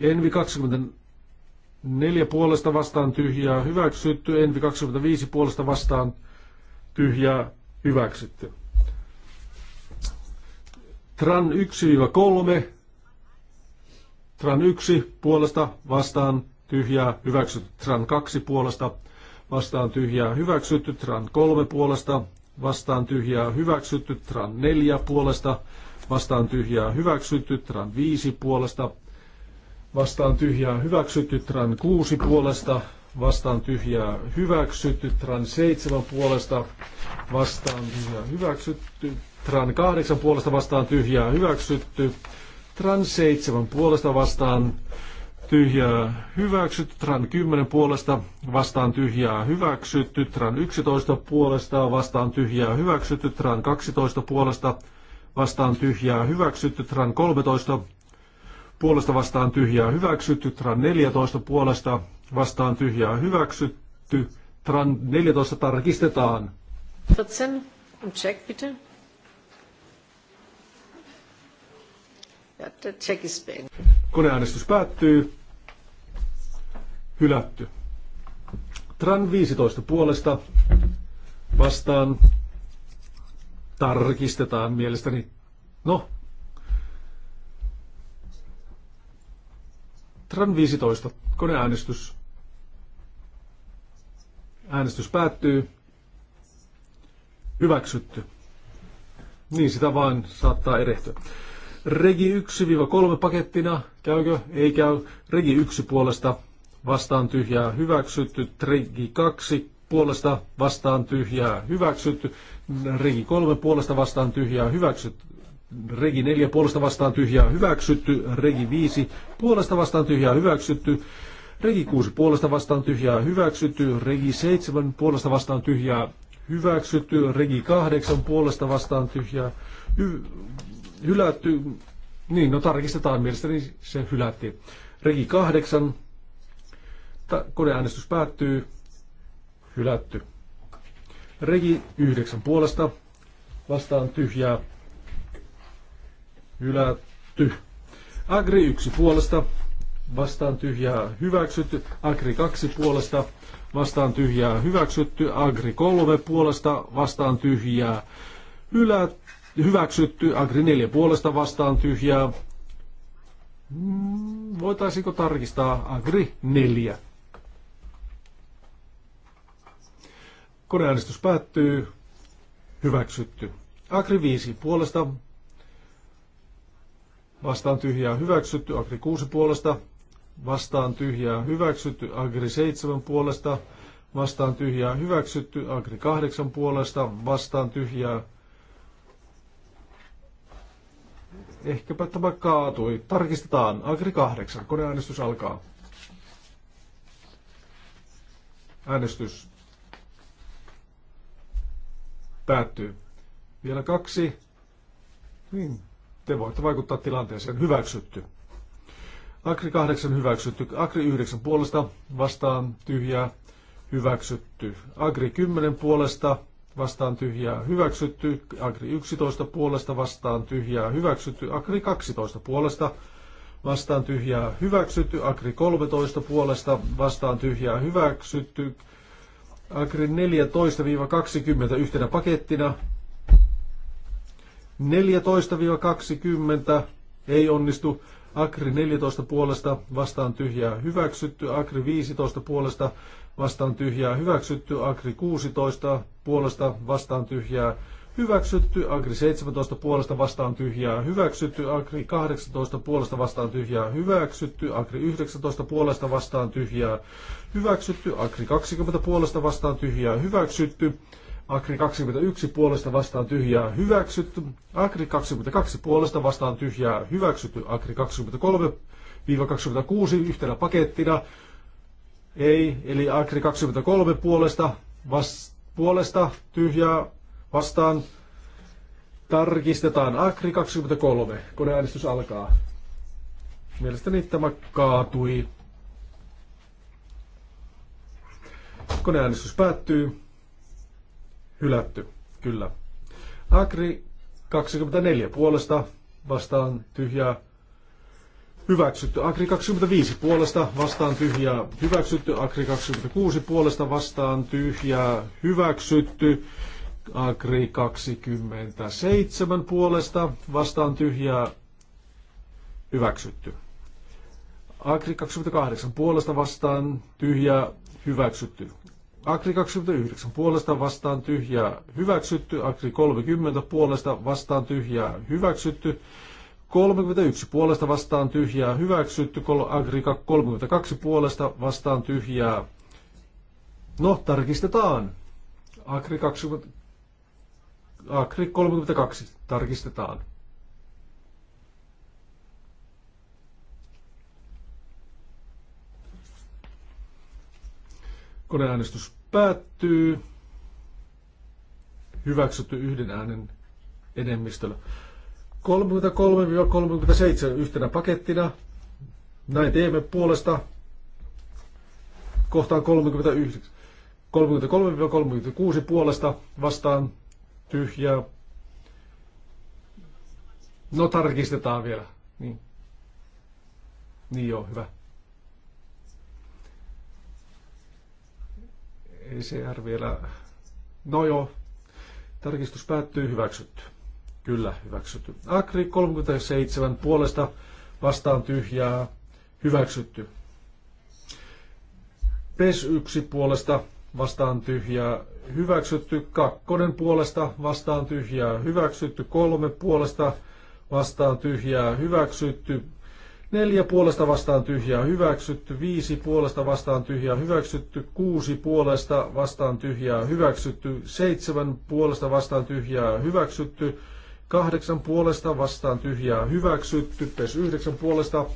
Envi 20, 4 puolesta vastaan tyhjää hyväksytty, Envi 25 puolesta vastaan tyhjää hyväksytty. Tran 1-3, Tran 1 puolesta vastaan tyhjää hyväksytty, Tran 2 puolesta vastaan tyhjää hyväksytty, Tran 3 puolesta vastaan tyhjää hyväksytty, Tran 4 puolesta vastaan tyhjää hyväksytty, Tran 5 puolesta vastaan tyhjää hyväksytty, tran 6 puolesta vastaan tyhjää hyväksytty, tran 7 puolesta vastaan tyhjää hyväksytty, tran 8 puolesta vastaan tyhjää hyväksytty, tran 7 puolesta vastaan tyhjää hyväksytty, tran 10 puolesta vastaan tyhjää hyväksytty, tran 11 puolesta vastaan tyhjää hyväksytty, tran 12 puolesta vastaan tyhjää hyväksytty, tran 13 puolesta vastaan tyhjää hyväksytty, tran 14 puolesta vastaan tyhjää hyväksytty, tran 14 tarkistetaan. 14, check bitte. check is Koneäänestys päättyy. Hylätty. Tran 15 puolesta vastaan tarkistetaan mielestäni. No, Tran 15. Koneäänestys. Äänestys päättyy. Hyväksytty. Niin, sitä vain saattaa erehtyä. Regi 1-3 pakettina. Käykö? Ei käy. Regi 1 puolesta vastaan tyhjää hyväksytty. Regi 2 puolesta vastaan tyhjää hyväksytty. Regi 3 puolesta vastaan tyhjää hyväksytty. Regi 4 puolesta vastaan tyhjää hyväksytty. Regi 5 puolesta vastaan tyhjää hyväksytty. Regi 6 puolesta vastaan tyhjää hyväksytty. Regi 7 puolesta vastaan tyhjää hyväksytty. Regi 8 puolesta vastaan tyhjää hy- hylätty. Niin, no tarkistetaan. Mielestäni se hylätti. Regi 8. Ta- koneäänestys päättyy. Hylätty. Regi 9 puolesta vastaan tyhjää hylätty. Agri 1 puolesta, vastaan tyhjää hyväksytty. Agri 2 puolesta, vastaan tyhjää hyväksytty. Agri 3 puolesta, vastaan tyhjää hylätty. Hyväksytty. Agri 4 puolesta vastaan tyhjää. Mm, Voitaisiko tarkistaa Agri 4? Koneäänestys päättyy. Hyväksytty. Agri 5 puolesta vastaan tyhjää hyväksytty, Agri 6 puolesta, vastaan tyhjää hyväksytty, Agri 7 puolesta, vastaan tyhjää hyväksytty, Agri 8 puolesta, vastaan tyhjää. Ehkäpä tämä kaatui. Tarkistetaan. Agri 8. Koneäänestys alkaa. Äänestys päättyy. Vielä kaksi. Niin, te voitte vaikuttaa tilanteeseen. Hyväksytty. Akri 8 hyväksytty. Akri 9 puolesta vastaan tyhjää hyväksytty. Agri 10 puolesta vastaan tyhjää hyväksytty. Agri 11 puolesta vastaan tyhjää hyväksytty. Agri 12 puolesta vastaan tyhjää hyväksytty. Agri 13 puolesta vastaan tyhjää hyväksytty. Agri 14-20 yhtenä pakettina 14-20 ei onnistu. Akri 14 puolesta vastaan tyhjää hyväksytty. Akri 15 puolesta vastaan tyhjää hyväksytty. Akri 16 puolesta vastaan tyhjää hyväksytty. Agri 17 puolesta vastaan tyhjää hyväksytty. Agri 18 puolesta vastaan tyhjää hyväksytty. Agri 19 puolesta vastaan tyhjää hyväksytty. Agri 20 puolesta vastaan tyhjää hyväksytty. Agri 21 puolesta vastaan tyhjää hyväksytty. Agri 22 puolesta vastaan tyhjää hyväksytty. Agri 23-26 yhtenä pakettina. Ei, eli Agri 23 puolesta, vas, puolesta tyhjää vastaan. Tarkistetaan Agri 23. Koneäänestys alkaa. Mielestäni tämä kaatui. Koneäänestys päättyy. Hylätty, kyllä. Agri 24 puolesta vastaan tyhjää hyväksytty. Agri 25 puolesta vastaan tyhjää hyväksytty. Agri 26 puolesta vastaan tyhjää hyväksytty. Agri 27 puolesta vastaan tyhjää hyväksytty. Agri 28 puolesta vastaan tyhjää hyväksytty. Akri 29 puolesta vastaan tyhjää hyväksytty. Akri 30 puolesta vastaan tyhjää hyväksytty. 31 puolesta vastaan tyhjää hyväksytty. Agri 32 puolesta vastaan tyhjää. No, tarkistetaan. Agri, 20, Agri 32 tarkistetaan. Koneäänestys päättyy. Hyväksytty yhden äänen enemmistöllä. 33-37 yhtenä pakettina. Näin teemme puolesta kohtaan 39. 33-36 puolesta vastaan tyhjää. No tarkistetaan vielä. Niin. Niin joo, hyvä. ECR vielä. No joo, tarkistus päättyy hyväksytty. Kyllä, hyväksytty. Agri 37 puolesta vastaan tyhjää, hyväksytty. PES 1 puolesta vastaan tyhjää, hyväksytty. Kakkonen puolesta vastaan tyhjää, hyväksytty. Kolme puolesta vastaan tyhjää, hyväksytty. 4 puolesta vastaan tyhjää hyväksytty, 5 puolesta vastaan tyhjää hyväksytty, 6 puolesta vastaan tyhjää hyväksytty, 7 puolesta vastaan tyhjää hyväksytty, 8 puolesta vastaan tyhjää hyväksytty, pes 9 puolesta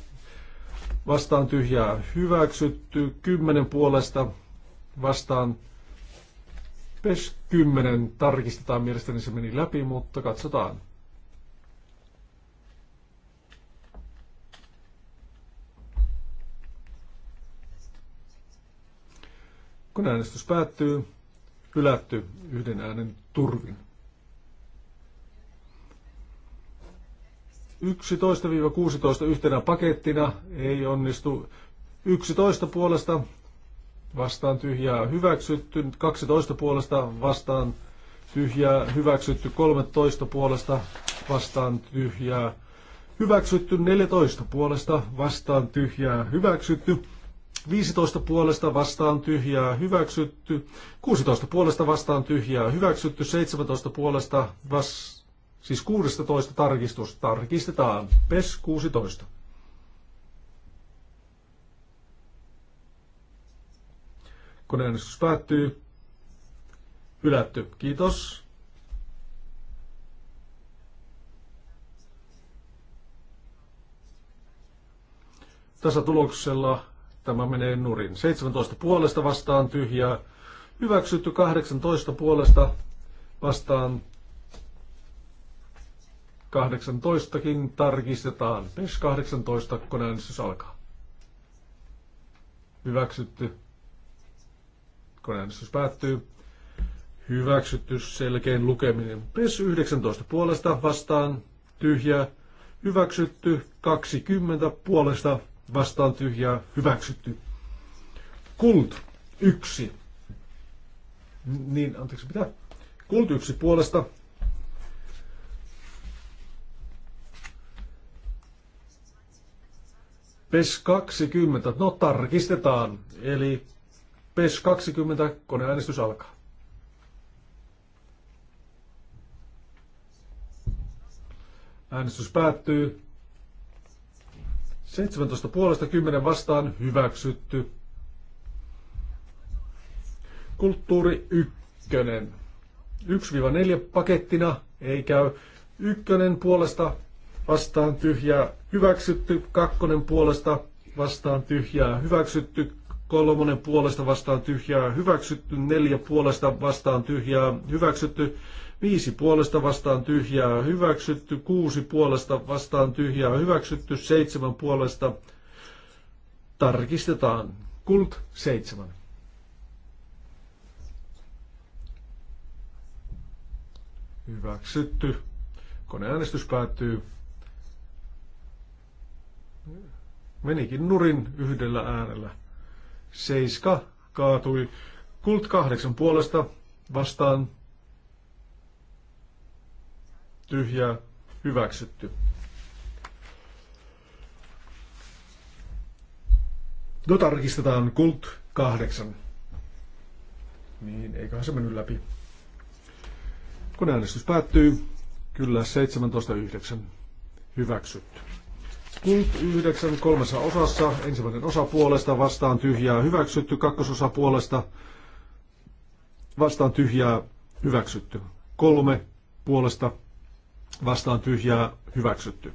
vastaan tyhjää hyväksytty, 10 puolesta vastaan pes 10 tarkistetaan, mielestäni se meni läpi, mutta katsotaan. Kun äänestys päättyy, hylätty yhden äänen turvin. 11-16 yhtenä pakettina ei onnistu. 11 puolesta vastaan tyhjää hyväksytty, 12 puolesta vastaan tyhjää hyväksytty, 13 puolesta vastaan tyhjää hyväksytty, 14 puolesta vastaan tyhjää hyväksytty. 15 puolesta vastaan tyhjää hyväksytty, 16 puolesta vastaan tyhjää hyväksytty, 17 puolesta vas, siis 16 tarkistus tarkistetaan, PES 16. Kun äänestys päättyy. Hylätty. Kiitos. Tässä tuloksella Tämä menee nurin. 17 puolesta vastaan tyhjää. Hyväksytty 18 puolesta vastaan 18kin tarkistetaan. PES 18, kun äänestys alkaa. Hyväksytty. Kun äänestys päättyy. Hyväksytty selkein lukeminen. PES 19 puolesta vastaan tyhjää. Hyväksytty 20 puolesta vastaan tyhjää hyväksytty. Kult yksi Niin, anteeksi, mitä? Kult yksi puolesta PES 20, no tarkistetaan. Eli PES 20, koneäänestys alkaa. Äänestys päättyy. 17 puolesta 10 vastaan hyväksytty. Kulttuuri 1. 1-4 pakettina ei käy. Ykkönen puolesta vastaan tyhjää hyväksytty. Kakkonen puolesta vastaan tyhjää hyväksytty. Kolmonen puolesta vastaan tyhjää hyväksytty. Neljä puolesta vastaan tyhjää hyväksytty. Viisi puolesta vastaan tyhjää hyväksytty, kuusi puolesta vastaan tyhjää hyväksytty, seitsemän puolesta tarkistetaan. Kult seitsemän. Hyväksytty. Koneäänestys päättyy. Menikin nurin yhdellä äänellä. Seiska kaatui. Kult kahdeksan puolesta vastaan tyhjää hyväksytty. No tarkistetaan kult kahdeksan. Niin, eiköhän se mennyt läpi. Kun äänestys päättyy, kyllä 17.9. Hyväksytty. Kult 9 kolmessa osassa, ensimmäinen osa puolesta, vastaan tyhjää hyväksytty, kakkososa puolesta, vastaan tyhjää hyväksytty. Kolme puolesta, vastaan tyhjää hyväksytty.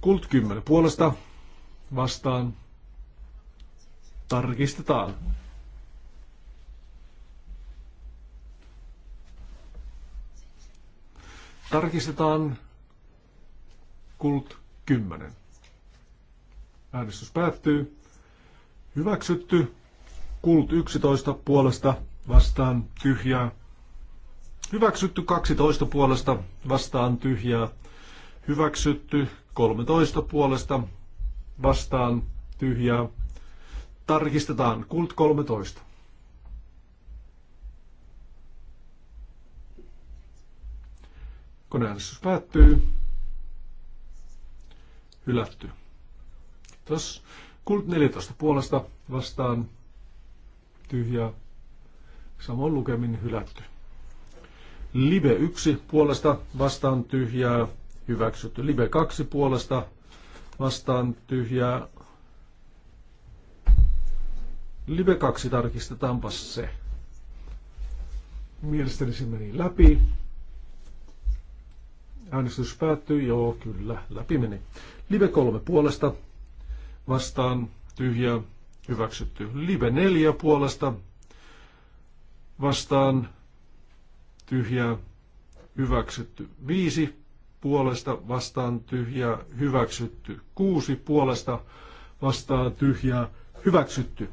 Kult 10 puolesta vastaan tarkistetaan. Tarkistetaan kult 10. Äänestys päättyy. Hyväksytty. Kult 11 puolesta vastaan tyhjää Hyväksytty 12 puolesta vastaan tyhjää. Hyväksytty 13 puolesta vastaan tyhjää. Tarkistetaan kult 13. Koneäänestys päättyy. Hylätty. Tos kult 14 puolesta vastaan tyhjää. Samoin lukemin hylätty. Live 1 puolesta vastaan tyhjää hyväksytty. Live 2 puolesta vastaan tyhjää. Live 2 tarkistetaanpa se. Mielestäni se meni läpi. Äänestys päättyi, joo kyllä, läpi meni. Live 3 puolesta vastaan tyhjää hyväksytty. Live 4 puolesta vastaan tyhjää hyväksytty viisi puolesta vastaan tyhjää hyväksytty kuusi puolesta vastaan tyhjää hyväksytty.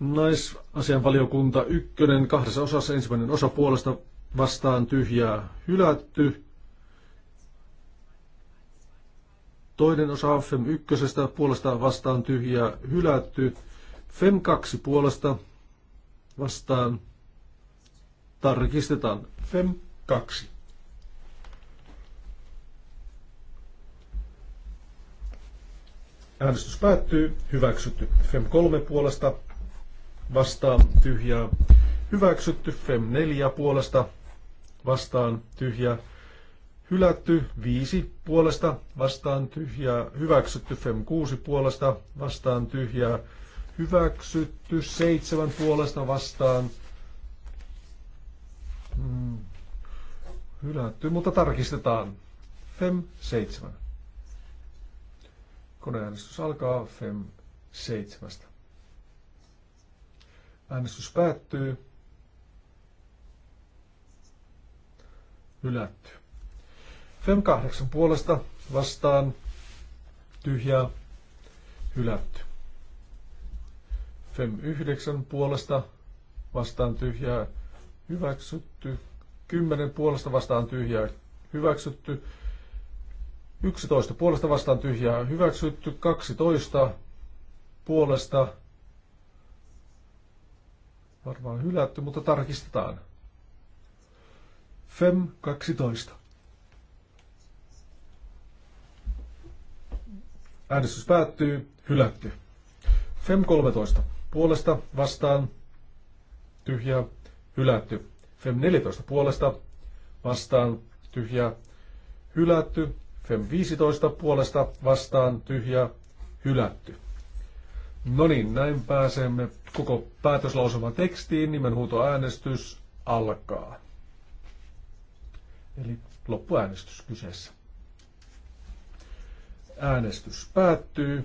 Naisasianvaliokunta ykkönen kahdessa osassa ensimmäinen osa puolesta vastaan tyhjää hylätty. Toinen osa FEM ykkösestä puolesta vastaan tyhjää hylätty. FEM kaksi puolesta vastaan Tarkistetaan. FEM 2. Äänestys päättyy. Hyväksytty. FEM 3 puolesta. Vastaan tyhjää. Hyväksytty. FEM 4 puolesta. Vastaan tyhjää. Hylätty 5 puolesta vastaan tyhjää, hyväksytty FEM 6 puolesta vastaan tyhjää, hyväksytty 7 puolesta vastaan tyhjää. Hmm. Hylätty, mutta tarkistetaan. FEM 7. Koneäänestys alkaa FEM 7. Äänestys päättyy. Hylätty. FEM 8 puolesta vastaan tyhjää hylätty. FEM 9 puolesta vastaan tyhjää hyväksytty. kymmenen puolesta vastaan tyhjää, hyväksytty. 11 puolesta vastaan tyhjää, hyväksytty. 12 puolesta varmaan hylätty, mutta tarkistetaan. FEM 12. Äänestys päättyy, hylätty. FEM 13. Puolesta vastaan tyhjää, hylätty. Fem 14 puolesta vastaan tyhjä hylätty. Fem 15 puolesta vastaan tyhjä hylätty. No niin, näin pääsemme koko päätöslausuman tekstiin. Nimenhuutoäänestys alkaa. Eli loppuäänestys kyseessä. Äänestys päättyy.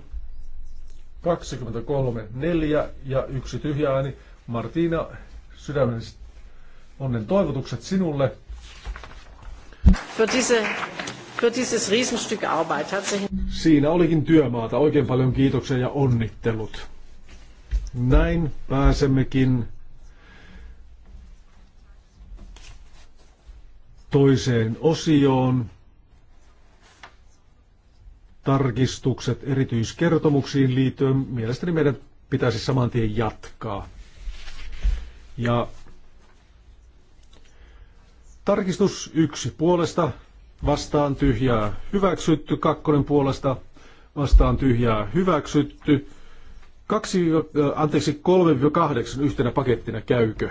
23, 4 ja yksi tyhjä ääni. Martina sydämelliset onnen toivotukset sinulle. Für diese, für dieses Riesenstück Arbeit. Siinä olikin työmaata. Oikein paljon kiitoksia ja onnittelut. Näin pääsemmekin toiseen osioon. Tarkistukset erityiskertomuksiin liittyen mielestäni meidän pitäisi saman tien jatkaa. Ja tarkistus yksi puolesta vastaan tyhjää hyväksytty, kakkonen puolesta vastaan tyhjää hyväksytty. Kaksi, äh, anteeksi, 3-8 yhtenä pakettina käykö?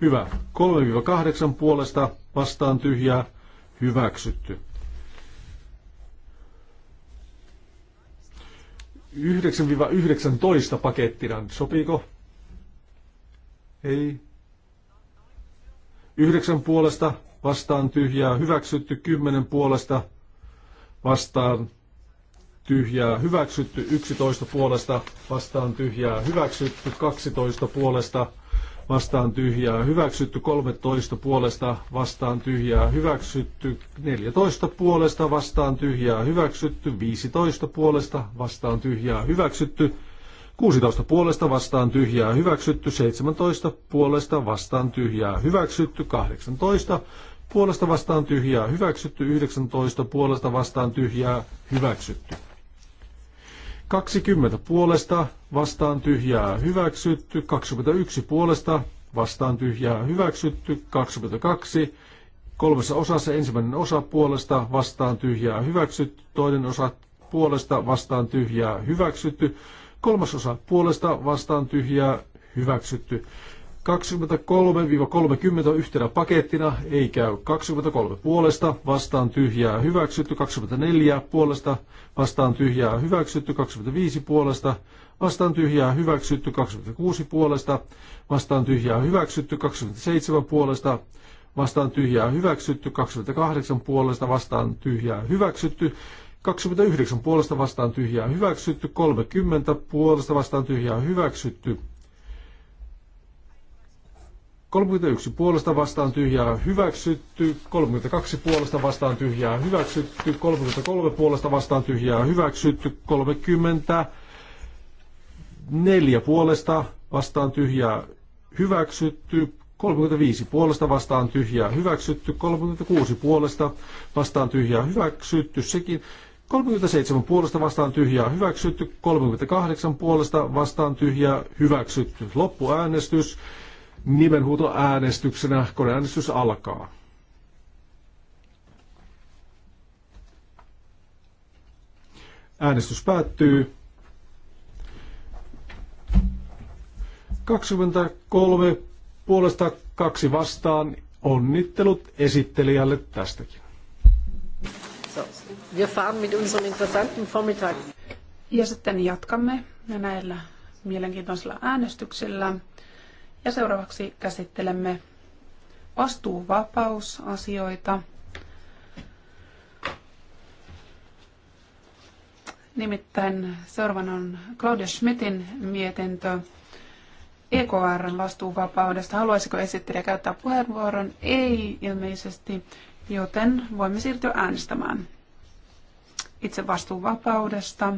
Hyvä. 3-8 puolesta vastaan tyhjää hyväksytty. 9-19 pakettina, sopiiko? Ei. Yhdeksän puolesta vastaan tyhjää hyväksytty, kymmenen puolesta vastaan tyhjää hyväksytty, yksitoista puolesta vastaan tyhjää hyväksytty, kaksitoista puolesta vastaan tyhjää hyväksytty, kolmetoista puolesta vastaan tyhjää hyväksytty, neljätoista puolesta vastaan tyhjää hyväksytty, viisitoista puolesta vastaan tyhjää hyväksytty, 16 puolesta vastaan tyhjää hyväksytty, 17 puolesta vastaan tyhjää hyväksytty, 18 puolesta vastaan tyhjää hyväksytty, 19 puolesta vastaan tyhjää hyväksytty. 20 puolesta vastaan tyhjää hyväksytty, 21 puolesta vastaan tyhjää hyväksytty, 22 kolmessa osassa ensimmäinen osa puolesta vastaan tyhjää hyväksytty, toinen osa puolesta vastaan tyhjää hyväksytty, Kolmasosa puolesta vastaan tyhjää hyväksytty. 23-30 yhtenä pakettina ei käy. 23 puolesta vastaan tyhjää hyväksytty. 24 puolesta vastaan tyhjää hyväksytty. 25 puolesta vastaan tyhjää hyväksytty. 26 puolesta vastaan tyhjää hyväksytty. 27 puolesta vastaan tyhjää hyväksytty. 28 puolesta vastaan tyhjää hyväksytty. 29 puolesta vastaan tyhjää hyväksytty, 30 puolesta vastaan tyhjää hyväksytty, 31 puolesta vastaan tyhjää hyväksytty, 32 puolesta vastaan tyhjää hyväksytty, 33 puolesta vastaan tyhjää hyväksytty, 34 puolesta vastaan tyhjää hyväksytty, 35 puolesta vastaan tyhjää hyväksytty, 36 puolesta vastaan tyhjää hyväksytty, sekin 37 puolesta vastaan tyhjää hyväksytty, 38 puolesta vastaan tyhjää hyväksytty. Loppuäänestys nimenhuuto äänestyksenä, Koneäänestys alkaa. Äänestys päättyy. 23 puolesta kaksi vastaan. Onnittelut esittelijälle tästäkin. Wir fahren mit unserem interessanten Vormittag. Ja sitten jatkamme näillä mielenkiintoisilla äänestyksillä. Ja seuraavaksi käsittelemme vastuuvapausasioita. Nimittäin seuraavan on Claudia Schmidtin mietintö EKRn vastuuvapaudesta. Haluaisiko esittelijä käyttää puheenvuoron? Ei ilmeisesti, joten voimme siirtyä äänestämään itse vastuuvapaudesta.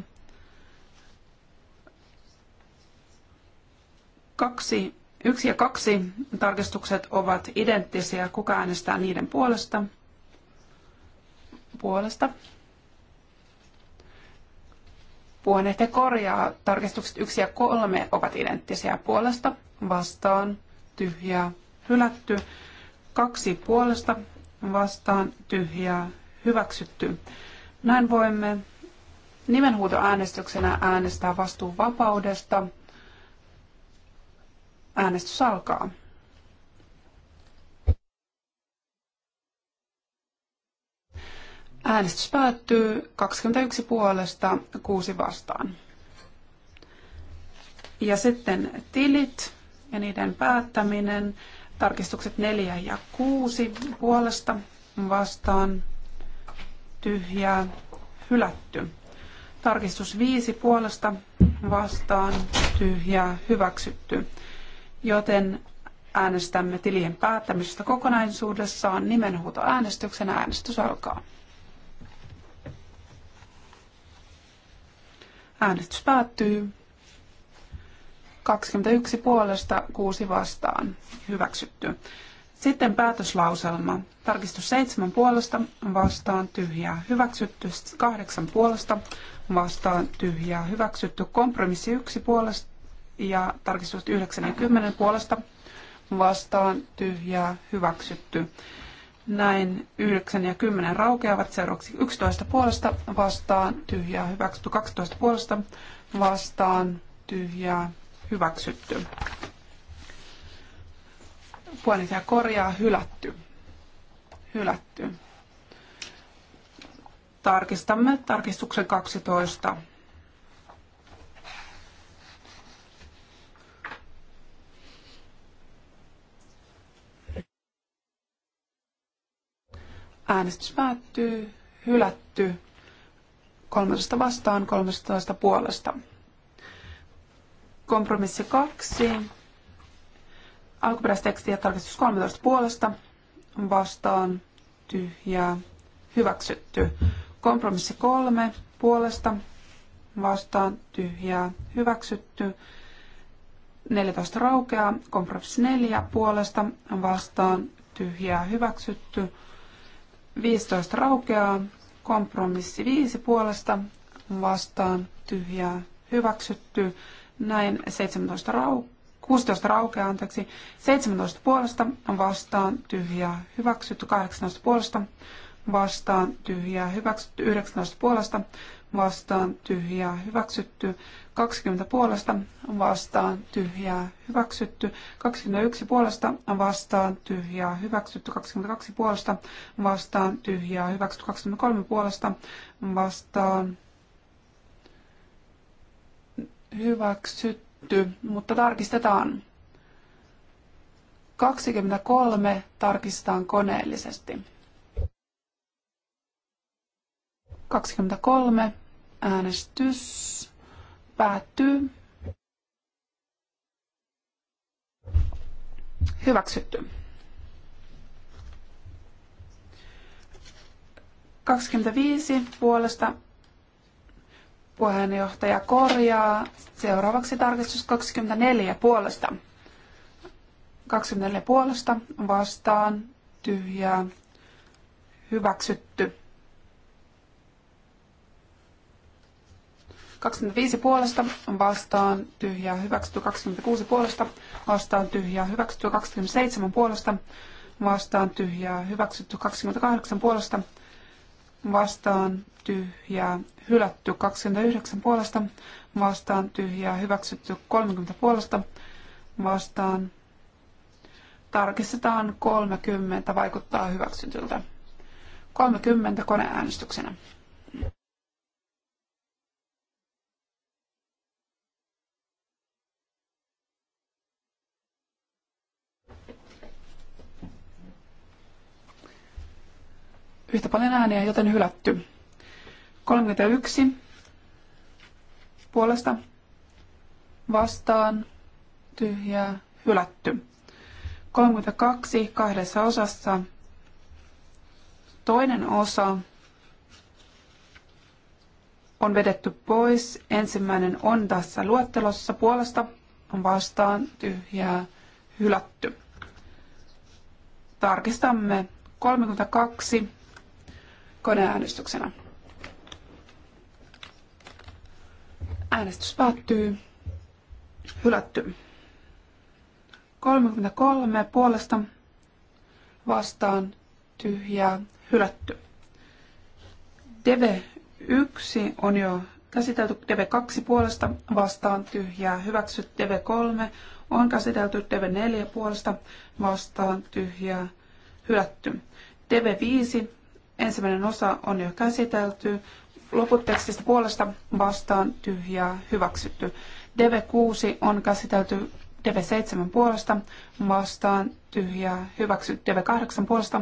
Kaksi, yksi ja kaksi tarkistukset ovat identtisiä. Kuka äänestää niiden puolesta? Puolesta. Puheenjohtaja korjaa. Tarkistukset yksi ja kolme ovat identtisiä puolesta. Vastaan. Tyhjää. Hylätty. Kaksi puolesta. Vastaan. Tyhjää. Hyväksytty. Näin voimme nimenhuutoäänestyksenä äänestää vastuuvapaudesta. Äänestys alkaa. Äänestys päättyy 21 puolesta 6 vastaan. Ja sitten tilit ja niiden päättäminen. Tarkistukset 4 ja 6 puolesta vastaan tyhjää, hylätty. Tarkistus 5 puolesta vastaan tyhjää, hyväksytty. Joten äänestämme tilien päättämisestä kokonaisuudessaan nimenhuuto äänestyksenä. Äänestys alkaa. Äänestys päättyy. 21 puolesta, 6 vastaan. Hyväksytty. Sitten päätöslauselma. Tarkistus 7 puolesta vastaan tyhjää hyväksytty. 8 puolesta vastaan tyhjää hyväksytty. Kompromissi 1 puolesta ja tarkistus 9 ja 10 puolesta vastaan tyhjää hyväksytty. Näin 9 ja 10 raukeavat seuraavaksi 11 puolesta vastaan tyhjää hyväksytty. 12 puolesta vastaan tyhjää hyväksytty puolisia korjaa hylätty. Hylätty. Tarkistamme tarkistuksen 12. Äänestys päättyy. Hylätty. 13 vastaan, 13 puolesta. Kompromissi 2. Alkuperäistekstiä tarkistus 13 puolesta vastaan tyhjää hyväksytty. Kompromissi 3 puolesta vastaan tyhjää hyväksytty. 14 raukeaa, kompromissi 4 puolesta vastaan tyhjää hyväksytty. 15 raukeaa, kompromissi 5 puolesta vastaan tyhjää hyväksytty. Näin 17 raukeaa 16 raukeaa, anteeksi, 17 puolesta vastaan tyhjää hyväksytty, 18 puolesta vastaan tyhjää hyväksytty, 19 puolesta vastaan tyhjää hyväksytty, 20 puolesta vastaan tyhjää hyväksytty, 21 puolesta vastaan tyhjää hyväksytty, 22 puolesta vastaan tyhjää hyväksytty, 23 puolesta vastaan hyväksytty tehty, mutta tarkistetaan. 23 tarkistetaan koneellisesti. 23 äänestys päättyy. Hyväksytty. 25 puolesta Puheenjohtaja korjaa. Seuraavaksi tarkistus 24 puolesta. 24 puolesta vastaan tyhjää hyväksytty. 25 puolesta vastaan tyhjää hyväksytty 26 puolesta vastaan tyhjää hyväksytty 27 puolesta vastaan tyhjää hyväksytty 28 puolesta vastaan tyhjää, hylätty 29 puolesta, vastaan tyhjää, hyväksytty 30 puolesta, vastaan tarkistetaan 30, vaikuttaa hyväksytyltä. 30 koneäänestyksenä. yhtä paljon ääniä, joten hylätty. 31 puolesta vastaan tyhjää hylätty. 32 kahdessa osassa. Toinen osa on vedetty pois. Ensimmäinen on tässä luettelossa puolesta on vastaan tyhjää hylätty. Tarkistamme 32 koneäänestyksenä. Äänestys päättyy. Hylätty. 33 puolesta vastaan tyhjää hylätty. DV1 on jo käsitelty, DV2 puolesta vastaan tyhjää hyväksyt. DV3 on käsitelty, DV4 puolesta vastaan tyhjää hylätty. DV5 Ensimmäinen osa on jo käsitelty. Loput tekstistä puolesta vastaan tyhjää hyväksytty. DV6 on käsitelty DV7 puolesta vastaan tyhjää hyväksytty. DV8 puolesta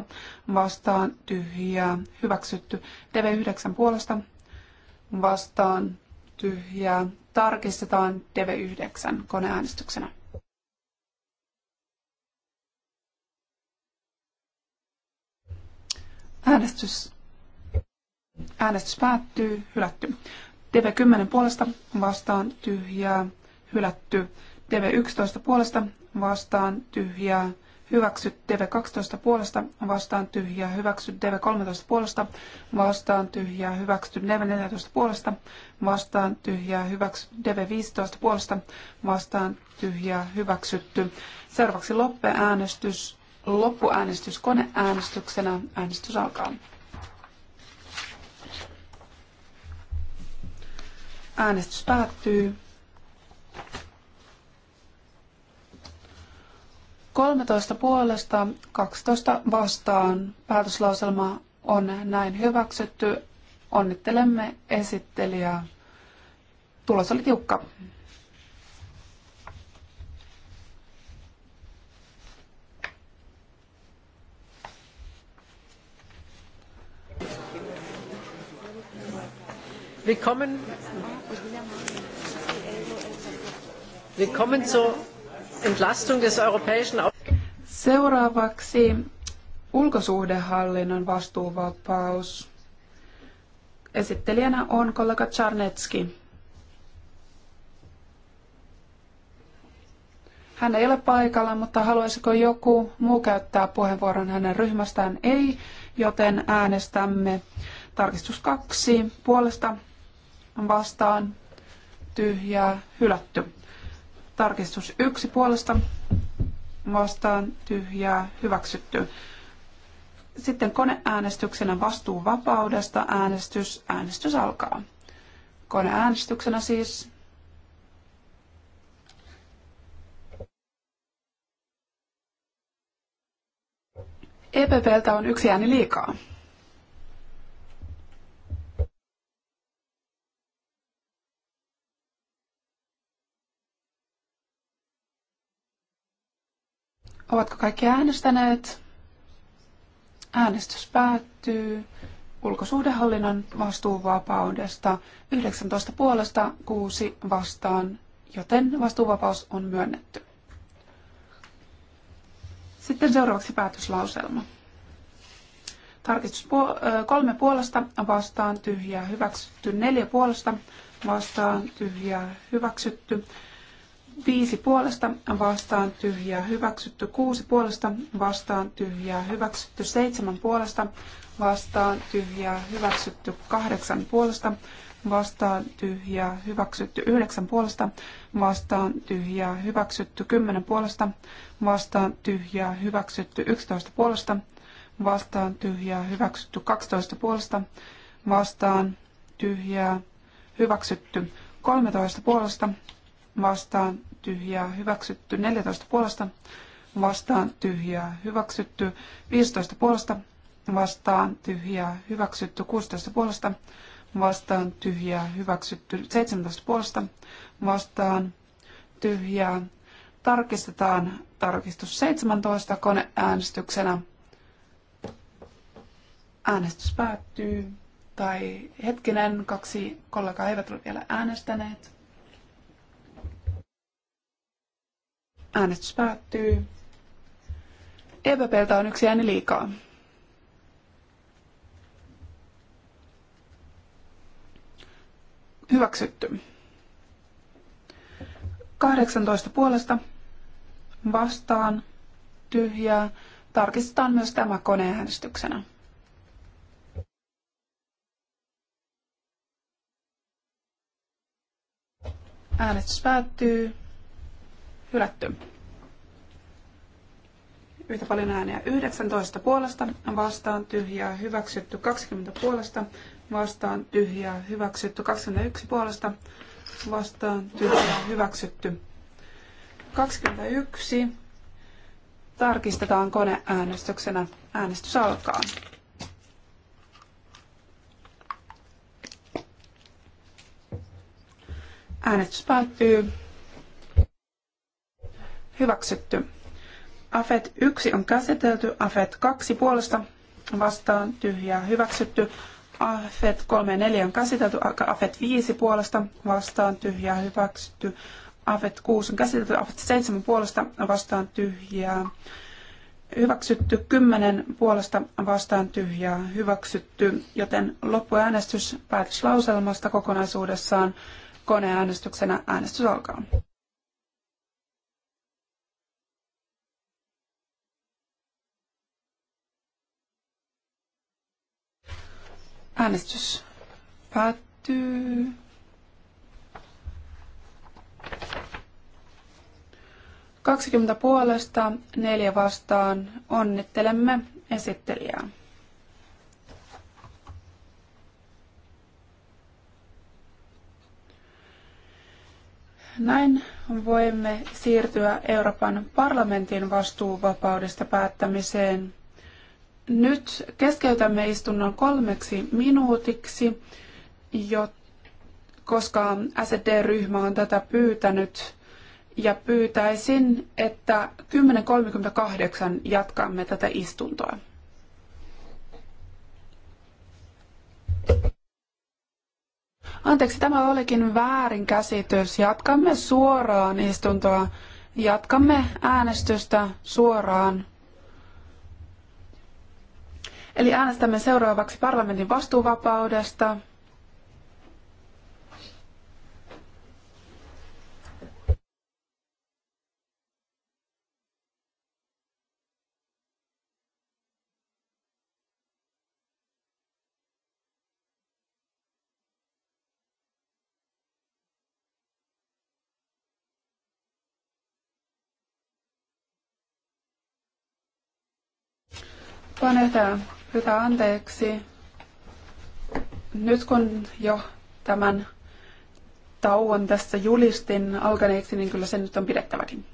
vastaan tyhjää hyväksytty. DV9 puolesta vastaan tyhjää tarkistetaan DV9 koneäänestyksenä. Äänestys, äänestys päättyy, hylätty. TV10 puolesta vastaan tyhjää, hylätty. TV11 puolesta vastaan tyhjää, hyväksy TV12 puolesta, vastaan tyhjää, hyväksy TV13 puolesta, vastaan tyhjää, hyväksy TV14 puolesta, vastaan tyhjää, hyväksy TV15 puolesta, vastaan tyhjää, hyväksytty. Seuraavaksi loppeäänestys loppuäänestys koneäänestyksenä. Äänestys alkaa. Äänestys päättyy. 13 puolesta, 12 vastaan. Päätöslauselma on näin hyväksytty. Onnittelemme esittelijää. Tulos oli tiukka. Willkommen. Willkommen zur Entlastung des europäischen Seuraavaksi ulkosuhdehallinnon vastuuvapaus. Esittelijänä on kollega Czarnecki. Hän ei ole paikalla, mutta haluaisiko joku muu käyttää puheenvuoron hänen ryhmästään? Ei, joten äänestämme tarkistus kaksi puolesta vastaan tyhjää hylätty. Tarkistus yksi puolesta vastaan tyhjää hyväksytty. Sitten koneäänestyksenä vastuu vapaudesta äänestys. Äänestys alkaa. Koneäänestyksenä siis EPPltä on yksi ääni liikaa. Ovatko kaikki äänestäneet? Äänestys päättyy ulkosuhdehallinnon vastuuvapaudesta 19 puolesta 6 vastaan, joten vastuuvapaus on myönnetty. Sitten seuraavaksi päätöslauselma. Tarkistus kolme puolesta vastaan tyhjää hyväksytty, neljä puolesta vastaan tyhjää hyväksytty, viisi puolesta vastaan tyhjää hyväksytty, kuusi puolesta vastaan tyhjää hyväksytty, seitsemän puolesta vastaan tyhjää hyväksytty, kahdeksan puolesta vastaan tyhjää hyväksytty, yhdeksän puolesta vastaan tyhjää hyväksytty, kymmenen puolesta vastaan tyhjää hyväksytty, yksitoista puolesta vastaan tyhjää hyväksytty, Kaksitoista puolesta vastaan tyhjää hyväksytty, Kolmetoista puolesta vastaan tyhjää hyväksytty, 14 puolesta vastaan tyhjää hyväksytty, 15 puolesta vastaan tyhjää hyväksytty, 16 puolesta vastaan tyhjää hyväksytty, 17 puolesta vastaan tyhjää. Tarkistetaan tarkistus 17 koneäänestyksenä. Äänestys päättyy. Tai hetkinen, kaksi kollegaa eivät ole vielä äänestäneet. Äänestys päättyy. EPPltä on yksi ääni liikaa. Hyväksytty. 18 puolesta vastaan tyhjää. Tarkistetaan myös tämä koneäänestyksenä. Äänestys päättyy. Hylätty. Yhtä paljon ääniä 19 puolesta, vastaan tyhjää, hyväksytty 20 puolesta, vastaan tyhjää, hyväksytty 21 puolesta, vastaan tyhjää, hyväksytty 21. Tarkistetaan koneäänestyksenä. Äänestys alkaa. Äänestys päättyy hyväksytty. AFET 1 on käsitelty, AFET 2 puolesta vastaan tyhjää hyväksytty, AFET 3 ja 4 on käsitelty, AFET 5 puolesta vastaan tyhjää hyväksytty, AFET 6 on käsitelty, AFET 7 puolesta vastaan tyhjää hyväksytty, 10 puolesta vastaan tyhjää hyväksytty, joten loppuäänestys päätöslauselmasta kokonaisuudessaan koneäänestyksenä äänestys alkaa. Äänestys päättyy. Kaksikymmentä puolesta, neljä vastaan. Onnittelemme esittelijää. Näin voimme siirtyä Euroopan parlamentin vastuuvapaudesta päättämiseen. Nyt keskeytämme istunnon kolmeksi minuutiksi, koska SD-ryhmä on tätä pyytänyt ja pyytäisin, että 10.38 jatkamme tätä istuntoa. Anteeksi, tämä olikin väärinkäsitys. Jatkamme suoraan istuntoa. Jatkamme äänestystä suoraan Eli äänestämme seuraavaksi parlamentin vastuuvapaudesta. Panehtaa Pyytää anteeksi. Nyt kun jo tämän tauon tässä julistin alkaneeksi, niin kyllä se nyt on pidettäväkin.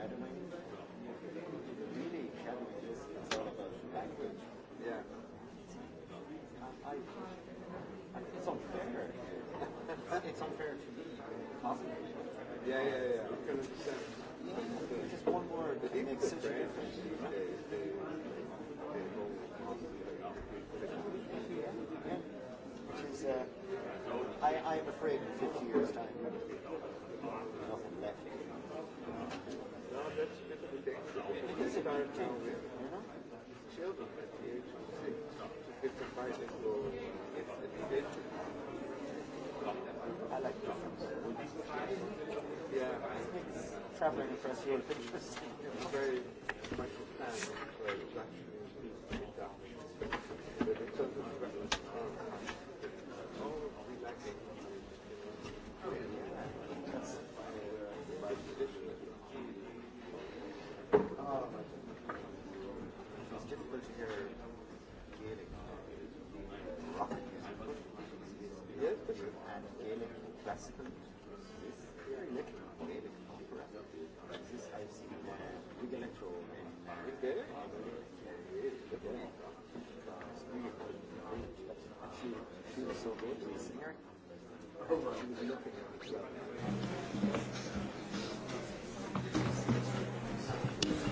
shadowing, really shadowing is, is all about language. Yeah. I, I, I it's unfair. it's unfair to me, possibly. Yeah, yeah, yeah. yeah. just one word that makes such a difference. they, they, they Which is, uh, I, I am afraid in 50 years' time, nothing left. priority you Children at the age of six to get a bicycle It's an invention. I like this. Yeah. I think traveling across Europe interesting. It's very much a plan where it actually is down. But in terms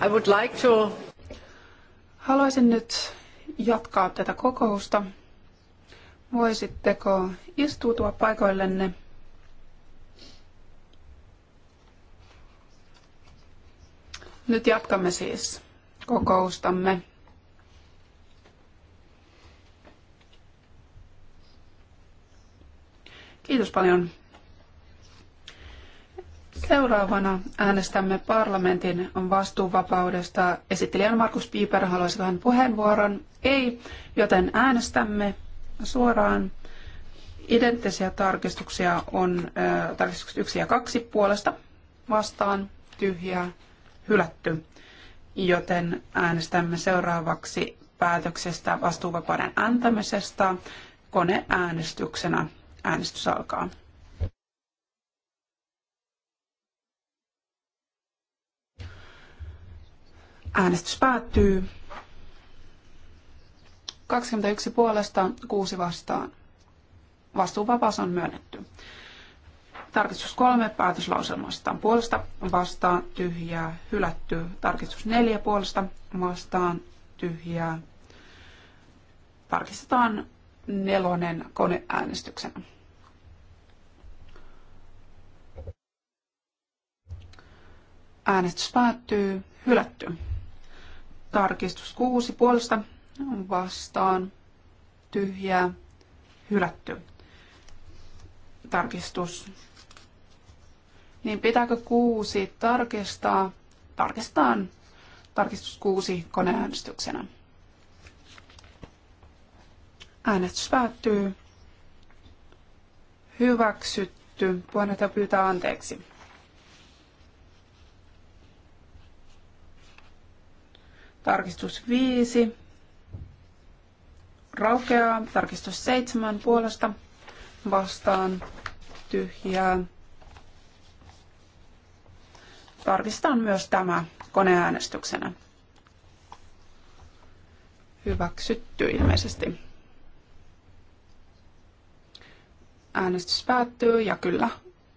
I would like to... Haluaisin nyt jatkaa tätä kokousta. Voisitteko istuutua paikoillenne? Nyt jatkamme siis kokoustamme. Kiitos paljon. Seuraavana äänestämme parlamentin vastuuvapaudesta. Esittelijän Markus Piiper haluaisi vähän puheenvuoron. Ei, joten äänestämme suoraan. Identtisiä tarkistuksia on äh, tarkistukset 1 ja 2 puolesta vastaan tyhjää hylätty. Joten äänestämme seuraavaksi päätöksestä vastuuvapauden antamisesta koneäänestyksenä. Äänestys alkaa. Äänestys päättyy. 21 puolesta, 6 vastaan. Vastuuvapaus on myönnetty. Tarkistus 3 päätöslauselmasta puolesta, vastaan, tyhjää, hylätty. Tarkistus 4 puolesta, vastaan, tyhjää. Tarkistetaan nelonen koneäänestyksenä. Äänestys päättyy, hylätty. Tarkistus kuusi puolesta vastaan tyhjää hylätty. Tarkistus. Niin pitääkö kuusi tarkistaa? Tarkistetaan tarkistus kuusi koneäänestyksenä. Äänestys päättyy. Hyväksytty. Puheenjohtaja pyytää anteeksi. Tarkistus 5 raukeaa. Tarkistus 7 puolesta vastaan tyhjää. Tarkistetaan myös tämä koneäänestyksenä. Hyväksytty ilmeisesti. Äänestys päättyy ja kyllä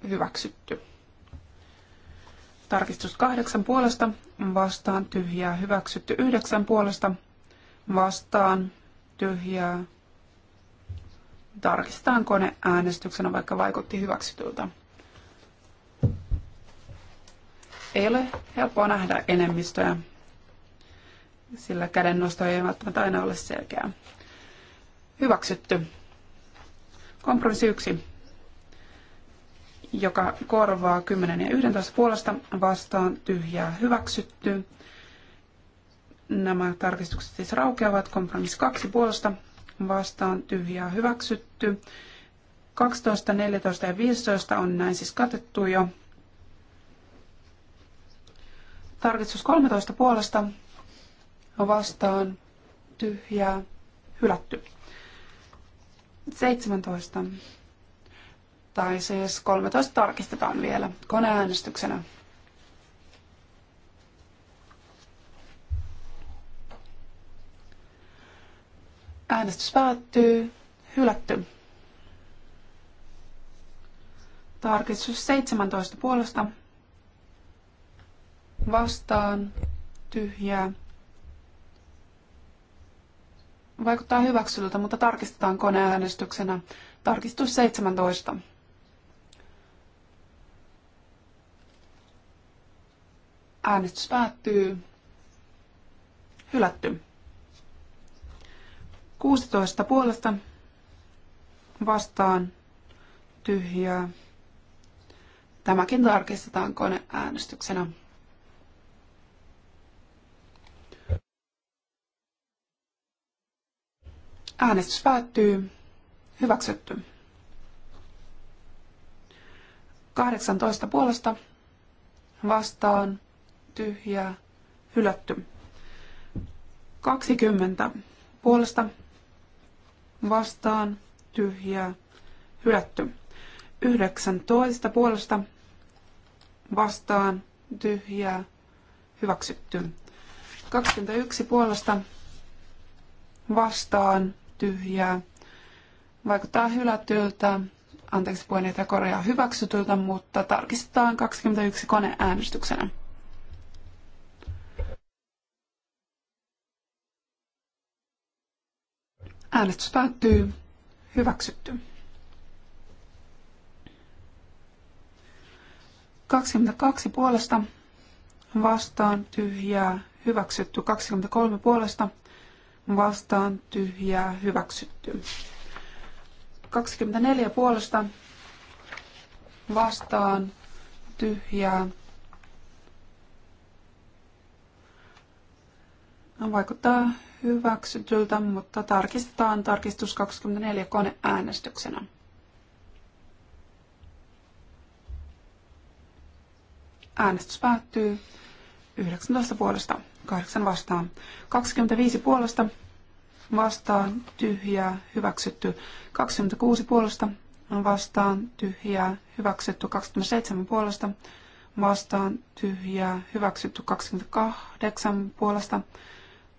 hyväksytty. Tarkistus kahdeksan puolesta vastaan tyhjää hyväksytty. Yhdeksän puolesta vastaan tyhjää. Tarkistetaan kone äänestyksenä, vaikka vaikutti hyväksytyltä. Ei ole helppoa nähdä enemmistöä, sillä kädennosto ei välttämättä aina ole selkeää. Hyväksytty. Kompromissi yksi joka korvaa 10 ja 11 puolesta vastaan tyhjää hyväksytty. Nämä tarkistukset siis raukeavat. Kompromissi 2 puolesta vastaan tyhjää hyväksytty. 12, 14 ja 15 on näin siis katettu jo. Tarkistus 13 puolesta vastaan tyhjää hylätty. 17 tai siis 13 tarkistetaan vielä koneäänestyksenä. Äänestys päättyy. Hylätty. Tarkistus 17 puolesta. Vastaan. Tyhjää. Vaikuttaa hyväksyltä, mutta tarkistetaan koneäänestyksenä. Tarkistus 17. Äänestys päättyy. Hylätty. 16 puolesta vastaan tyhjää. Tämäkin tarkistetaan koneäänestyksenä. Äänestys päättyy. Hyväksytty. 18 puolesta vastaan tyhjää, hylätty. 20 puolesta vastaan, tyhjää, hylätty. 19 puolesta vastaan, tyhjää, hyväksytty. 21 puolesta vastaan, tyhjää, vaikuttaa hylätyltä, anteeksi puheenjohtaja korjaa hyväksytyltä, mutta tarkistetaan 21 koneäänestyksenä. Äänestys päättyy. Hyväksytty. 22 puolesta vastaan tyhjää hyväksytty. 23 puolesta vastaan tyhjää hyväksytty. 24 puolesta vastaan tyhjää No, vaikuttaa hyväksytyltä, mutta tarkistetaan tarkistus 24 koneäänestyksenä. Äänestys päättyy 19 puolesta, 8 vastaan, 25 puolesta, vastaan, tyhjää, hyväksytty, 26 puolesta, vastaan, tyhjää, hyväksytty, 27 puolesta, vastaan, tyhjää, hyväksytty, 28 puolesta,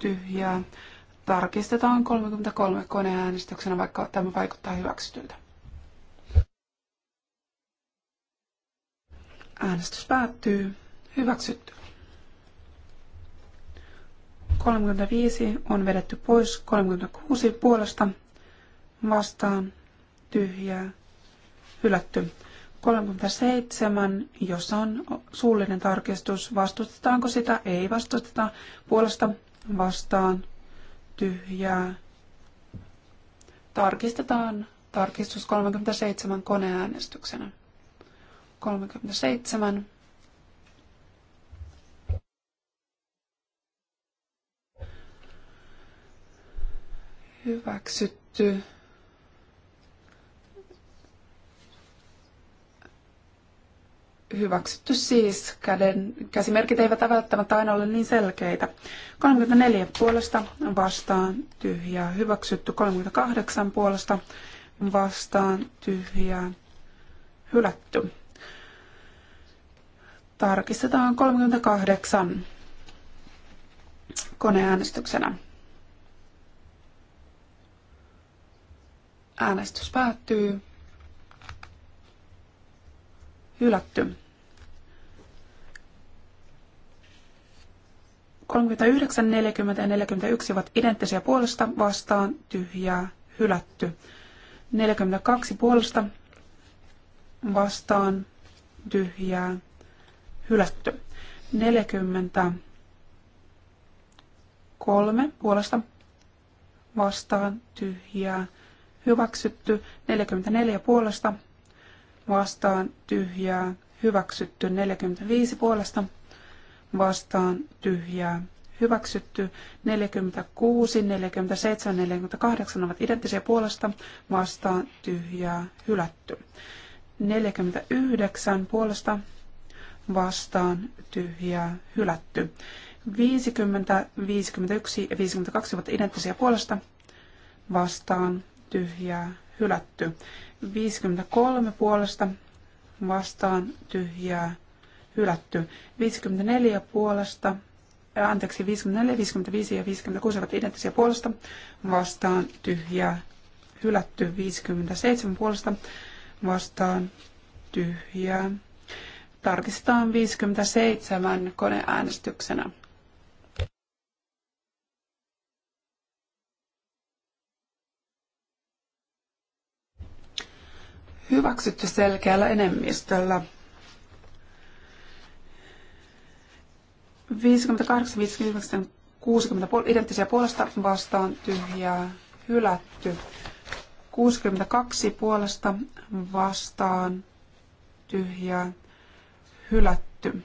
tyhjää. Tarkistetaan 33 koneäänestyksenä, vaikka tämä vaikuttaa hyväksytyltä. Äänestys päättyy. Hyväksytty. 35 on vedetty pois, 36 puolesta vastaan tyhjää, hylätty. 37, jossa on suullinen tarkistus, vastustetaanko sitä, ei vastusteta, puolesta vastaan tyhjää. Tarkistetaan tarkistus 37 koneäänestyksenä. 37. Hyväksytty. hyväksytty siis. Käden, käsimerkit eivät välttämättä aina ole niin selkeitä. 34 puolesta vastaan tyhjää hyväksytty. 38 puolesta vastaan tyhjää hylätty. Tarkistetaan 38 koneäänestyksenä. Äänestys päättyy hylätty. 39, 40 ja 41 ovat identtisiä puolesta vastaan tyhjää hylätty. 42 puolesta vastaan tyhjää hylätty. 43 puolesta vastaan tyhjää hyväksytty. 44 puolesta vastaan tyhjää, hyväksytty 45 puolesta, vastaan tyhjää, hyväksytty 46, 47, 48 ovat identtisiä puolesta, vastaan tyhjää, hylätty. 49 puolesta, vastaan tyhjää, hylätty. 50, 51 ja 52 ovat identtisiä puolesta, vastaan tyhjää, hylätty. 53 puolesta vastaan tyhjää hylätty. 54 puolesta, ää, äh, anteeksi, 54, 55 ja 56 ovat identtisiä puolesta vastaan tyhjää hylätty. 57 puolesta vastaan tyhjää. Tarkistetaan 57 koneäänestyksenä. hyväksytty selkeällä enemmistöllä. 58, 59, 60 identtisiä puolesta vastaan tyhjää hylätty. 62 puolesta vastaan tyhjää hylätty.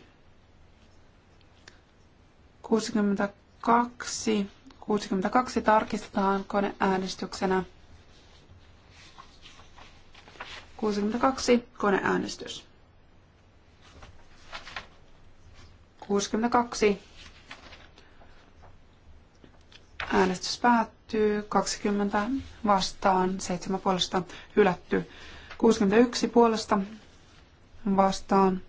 62, 62 tarkistetaan koneäänestyksenä. 62. Koneäänestys. 62. Äänestys päättyy 20 vastaan, 7 puolesta hylätty. 61 puolesta vastaan,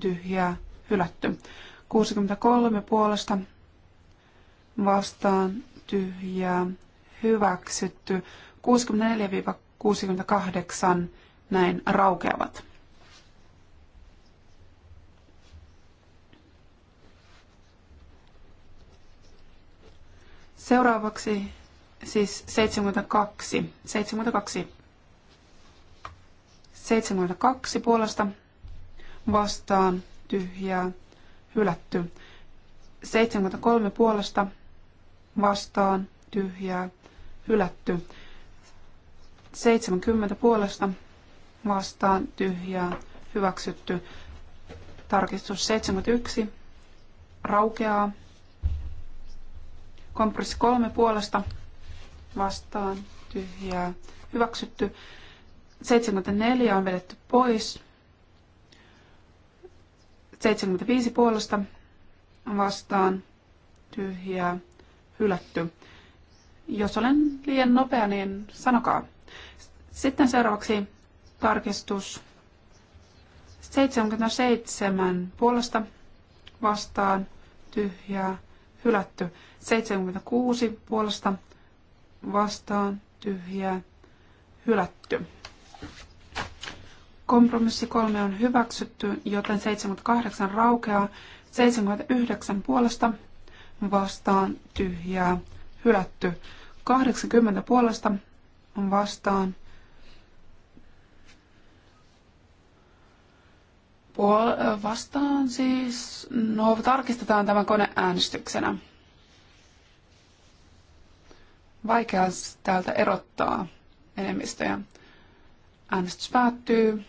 tyhjää, hylätty. 63 puolesta vastaan, tyhjää, hyväksytty. 64-68 näin raukeavat. Seuraavaksi siis 72. 72. 72 puolesta vastaan tyhjää hylätty. 73 puolesta vastaan tyhjää hylätty. 70 puolesta vastaan tyhjää hyväksytty. Tarkistus 71 raukeaa. Kompromissi 3 puolesta vastaan tyhjää hyväksytty. 74 on vedetty pois. 75 puolesta vastaan tyhjää hylätty. Jos olen liian nopea, niin sanokaa. Sitten seuraavaksi Tarkistus 77 puolesta vastaan tyhjää hylätty. 76 puolesta vastaan tyhjää hylätty. Kompromissi 3 on hyväksytty, joten 78 raukeaa. 79 puolesta vastaan tyhjää hylätty. 80 puolesta vastaan Puol- vastaan siis, no tarkistetaan tämä koneäänestyksenä. Vaikea täältä erottaa enemmistöjä. Äänestys päättyy.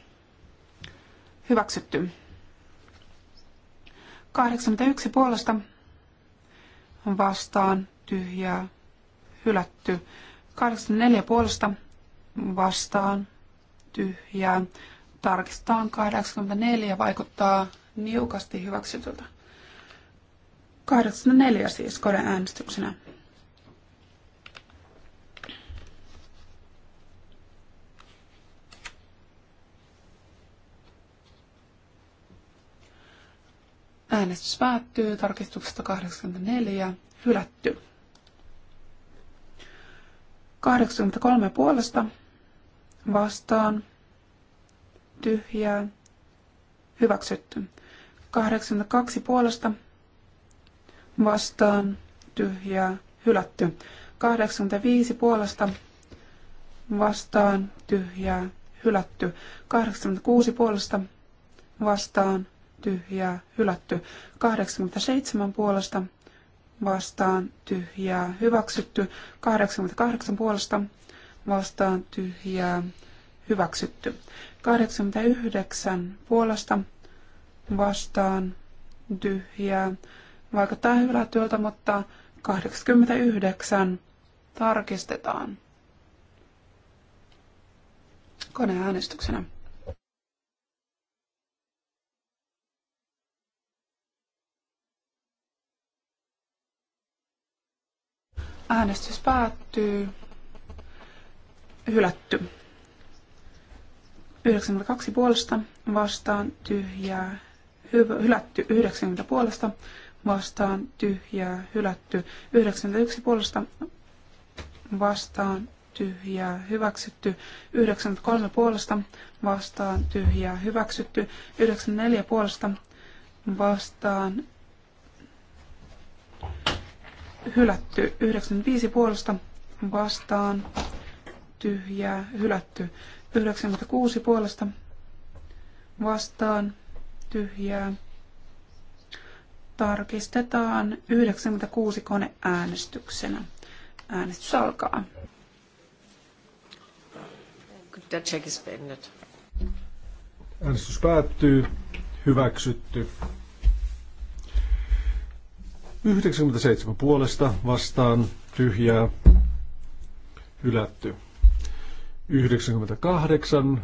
Hyväksytty. 81 puolesta vastaan tyhjää hylätty. 84 puolesta vastaan tyhjää Tarkistetaan 84 vaikuttaa niukasti hyväksytyltä. 84 siis koden äänestyksenä. Äänestys päättyy tarkistuksesta 84, hylätty. 83 puolesta vastaan tyhjää, hyväksytty. 82 puolesta vastaan, tyhjää, hylätty. 85 puolesta vastaan, tyhjää, hylätty. 86 puolesta vastaan, tyhjää, hylätty. 87 puolesta vastaan, tyhjää, hyväksytty. 88 puolesta vastaan, tyhjää, hyväksytty. 89 puolesta vastaan tyhjää. Vaikuttaa hylätyltä, mutta 89 tarkistetaan koneäänestyksenä. Äänestys päättyy. Hylätty. 92 puolesta vastaan tyhjää hylätty 90 puolesta vastaan tyhjää hylätty 91 puolesta vastaan tyhjää hyväksytty 93 puolesta vastaan tyhjää hyväksytty 94 puolesta vastaan hylätty 95 puolesta vastaan tyhjää hylätty 96 puolesta vastaan tyhjää. Tarkistetaan 96 koneäänestyksenä. Äänestys alkaa. Äänestys päättyy. Hyväksytty. 97 puolesta vastaan tyhjää. Hylätty. 98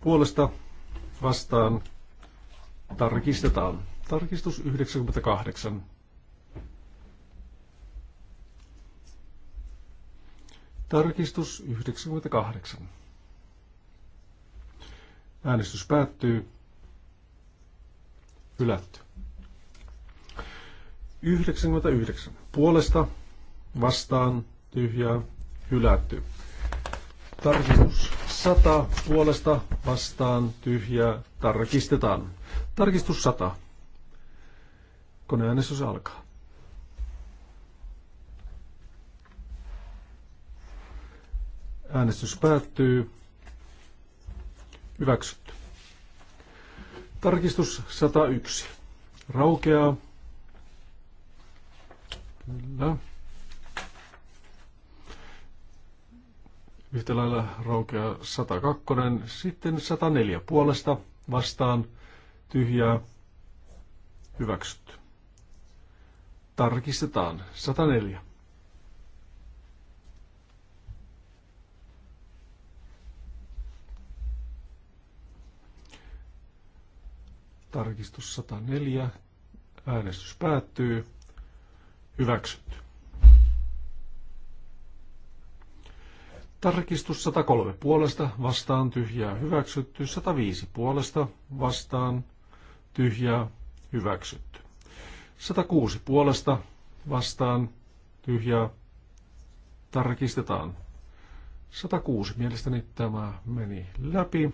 puolesta vastaan tarkistetaan. Tarkistus 98. Tarkistus 98. Äänestys päättyy. Hylätty. 99. Puolesta vastaan tyhjää hylätty. Tarkistus 100 puolesta vastaan tyhjää tarkistetaan. Tarkistus 100. Koneäänestys alkaa. Äänestys päättyy. Hyväksytty. Tarkistus 101. Raukeaa. Kyllä. Yhtä lailla raukeaa 102, sitten 104 puolesta vastaan tyhjää hyväksytty. Tarkistetaan 104. Tarkistus 104. Äänestys päättyy. Hyväksytty. Tarkistus 103 puolesta vastaan tyhjää hyväksytty. 105 puolesta vastaan tyhjää hyväksytty. 106 puolesta vastaan tyhjää tarkistetaan. 106 mielestäni tämä meni läpi.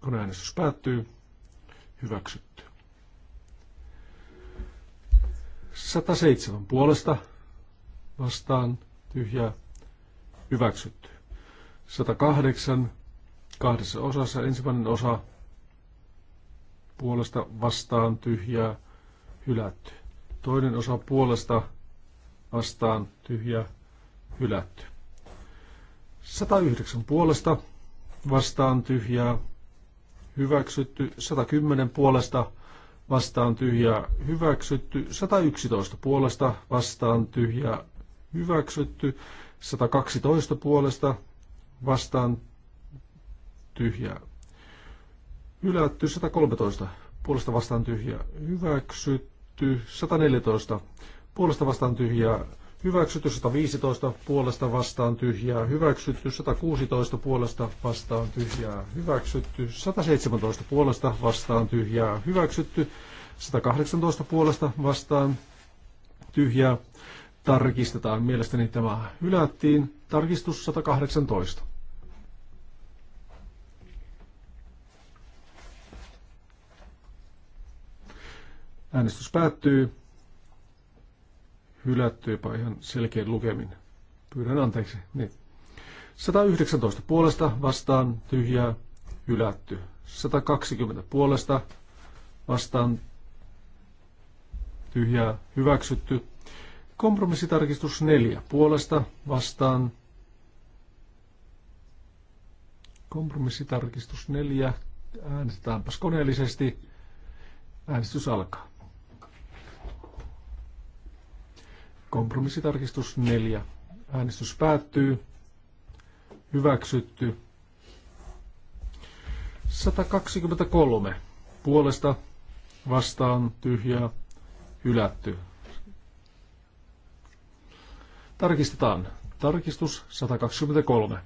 Kun äänestys päättyy, hyväksytty. 107 puolesta vastaan tyhjää hyväksytty. 108 kahdessa osassa ensimmäinen osa puolesta vastaan tyhjää hylätty. Toinen osa puolesta vastaan tyhjä hylätty. 109 puolesta vastaan tyhjää hyväksytty. 110 puolesta vastaan, vastaan tyhjä hyväksytty, 111 puolesta vastaan tyhjä hyväksytty, 112 puolesta vastaan tyhjä hylätty, 113 puolesta vastaan tyhjä hyväksytty, 114 puolesta vastaan tyhjä Hyväksytty 115 puolesta vastaan tyhjää. Hyväksytty 116 puolesta vastaan tyhjää. Hyväksytty 117 puolesta vastaan tyhjää. Hyväksytty 118 puolesta vastaan tyhjää. Tarkistetaan. Mielestäni tämä hylättiin. Tarkistus 118. Äänestys päättyy hylätty jopa ihan selkein lukemin. Pyydän anteeksi. Niin. 119 puolesta vastaan tyhjää hylätty. 120 puolesta vastaan tyhjää hyväksytty. Kompromissitarkistus 4 puolesta vastaan kompromissitarkistus 4. Äänestetäänpäs koneellisesti. Äänestys alkaa. Kompromissitarkistus 4. Äänestys päättyy. Hyväksytty. 123. Puolesta vastaan tyhjää hylätty. Tarkistetaan. Tarkistus 123.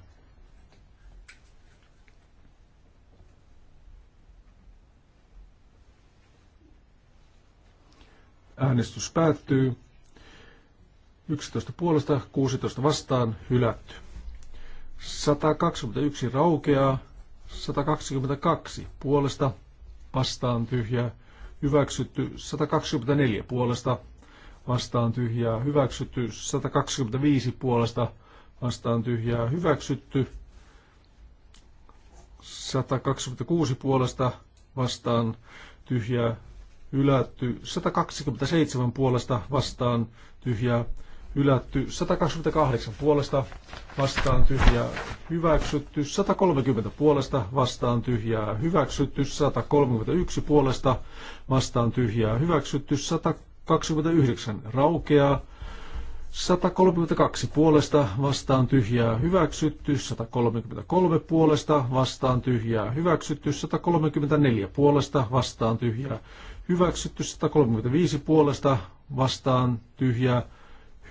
Äänestys päättyy. 11 puolesta, 16 vastaan, hylätty. 121 raukeaa, 122 puolesta, vastaan tyhjää, hyväksytty 124 puolesta, vastaan tyhjää, hyväksytty 125 puolesta, vastaan tyhjää, hyväksytty 126 puolesta, vastaan tyhjää, hylätty 127 puolesta, vastaan tyhjää, hylätty hylätty 128 puolesta vastaan tyhjää hyväksytty, 130 puolesta vastaan tyhjää hyväksytty, 131 puolesta vastaan tyhjää hyväksytty, 129 raukeaa, 132 puolesta vastaan tyhjää hyväksytty, 133 puolesta vastaan tyhjää hyväksytty, 134 puolesta vastaan tyhjää hyväksytty, 135 puolesta vastaan tyhjää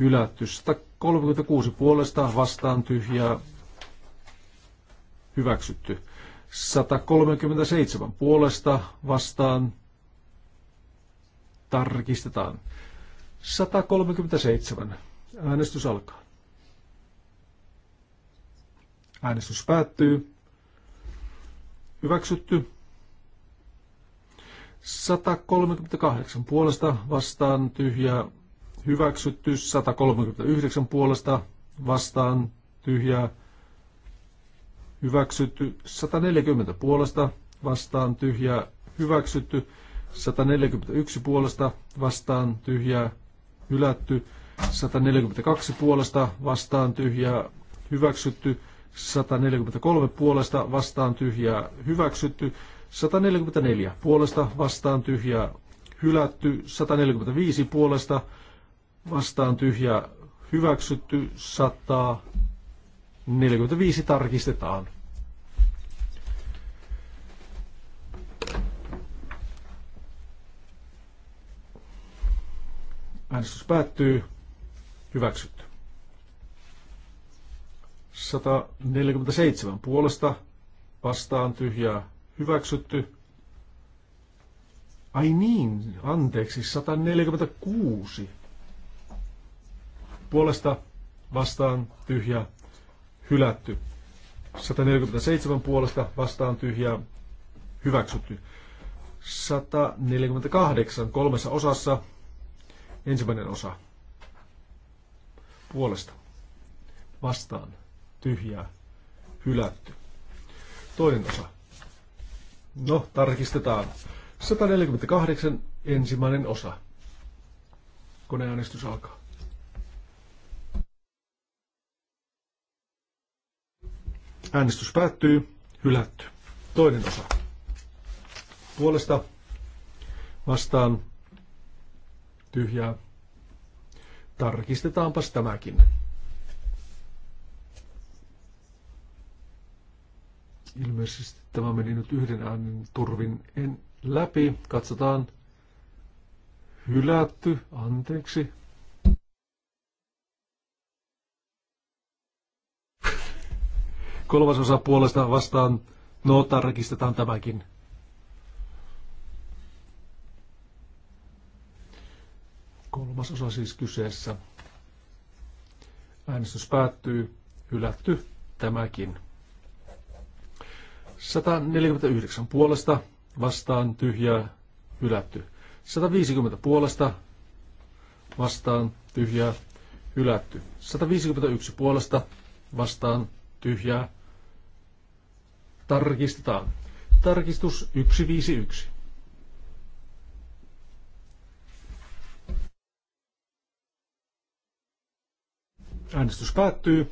hylätty. 136 puolesta vastaan tyhjää hyväksytty. 137 puolesta vastaan tarkistetaan. 137. Äänestys alkaa. Äänestys päättyy. Hyväksytty. 138 puolesta vastaan tyhjää hyväksytty, 139 puolesta vastaan tyhjää hyväksytty, 140 puolesta vastaan tyhjää hyväksytty, 141 puolesta vastaan tyhjää hylätty, 142 puolesta vastaan tyhjää hyväksytty, 143 puolesta vastaan tyhjää hyväksytty, 144 puolesta vastaan tyhjää hylätty, 145 puolesta vastaan tyhjä hyväksytty 145 tarkistetaan. Äänestys päättyy. Hyväksytty. 147 puolesta vastaan tyhjää hyväksytty. Ai niin, anteeksi, 146 puolesta vastaan tyhjä hylätty. 147 puolesta vastaan tyhjä hyväksytty. 148 kolmessa osassa ensimmäinen osa puolesta vastaan tyhjää hylätty. Toinen osa. No, tarkistetaan. 148 ensimmäinen osa. Koneäänestys alkaa. Äänestys päättyy. Hylätty. Toinen osa. Puolesta vastaan tyhjää. Tarkistetaanpas tämäkin. Ilmeisesti tämä meni nyt yhden äänen turvin en läpi. Katsotaan. Hylätty. Anteeksi. Kolmas osa puolesta vastaan. No, tarkistetaan tämäkin. osa siis kyseessä. Äänestys päättyy. Hylätty tämäkin. 149 puolesta vastaan tyhjää hylätty. 150 puolesta vastaan tyhjää hylätty. 151 puolesta vastaan tyhjää Tarkistetaan. Tarkistus 151. Äänestys päättyy.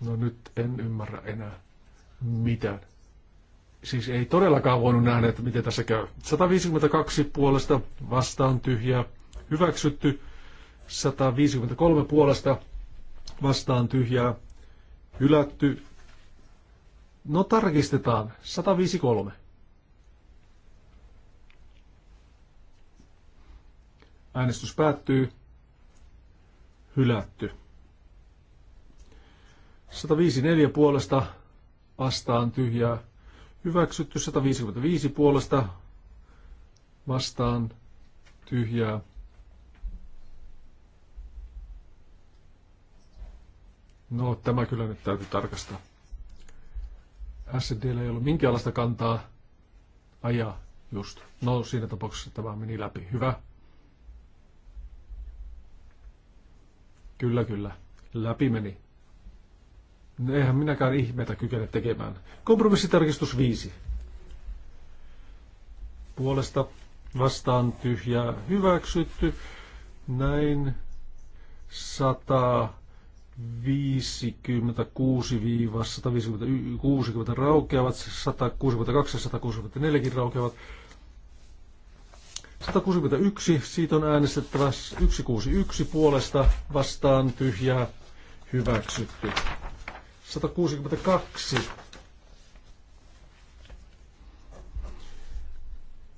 No nyt en ymmärrä enää mitään. Siis ei todellakaan voinut nähdä, että miten tässä käy. 152 puolesta vastaan tyhjä hyväksytty. 153 puolesta vastaan tyhjää hylätty. No tarkistetaan. 153. Äänestys päättyy. Hylätty. 154 puolesta vastaan tyhjää. Hyväksytty 155 puolesta vastaan tyhjää. No, tämä kyllä nyt täytyy tarkastaa. SDllä ei ollut minkäänlaista kantaa ajaa just. No siinä tapauksessa tämä meni läpi. Hyvä. Kyllä, kyllä. Läpi meni. No, eihän minäkään ihmeitä kykene tekemään. Kompromissitarkistus 5. Puolesta vastaan tyhjää hyväksytty. Näin 100. 56-160 raukeavat, 162 164 raukeavat. 161, siitä on äänestettävä 161 puolesta vastaan tyhjää hyväksytty. 162.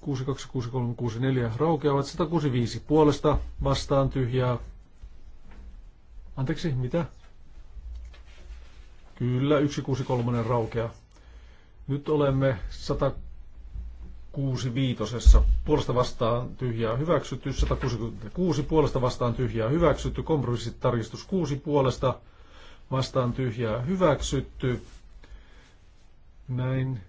62, 63, 64 raukeavat, 165 puolesta vastaan tyhjää Anteeksi, mitä? Kyllä, 163 raukea. Nyt olemme 165. Puolesta vastaan tyhjää hyväksytty, 166 puolesta vastaan tyhjää hyväksytty, kompromissitarkistus 6 puolesta vastaan tyhjää hyväksytty. Näin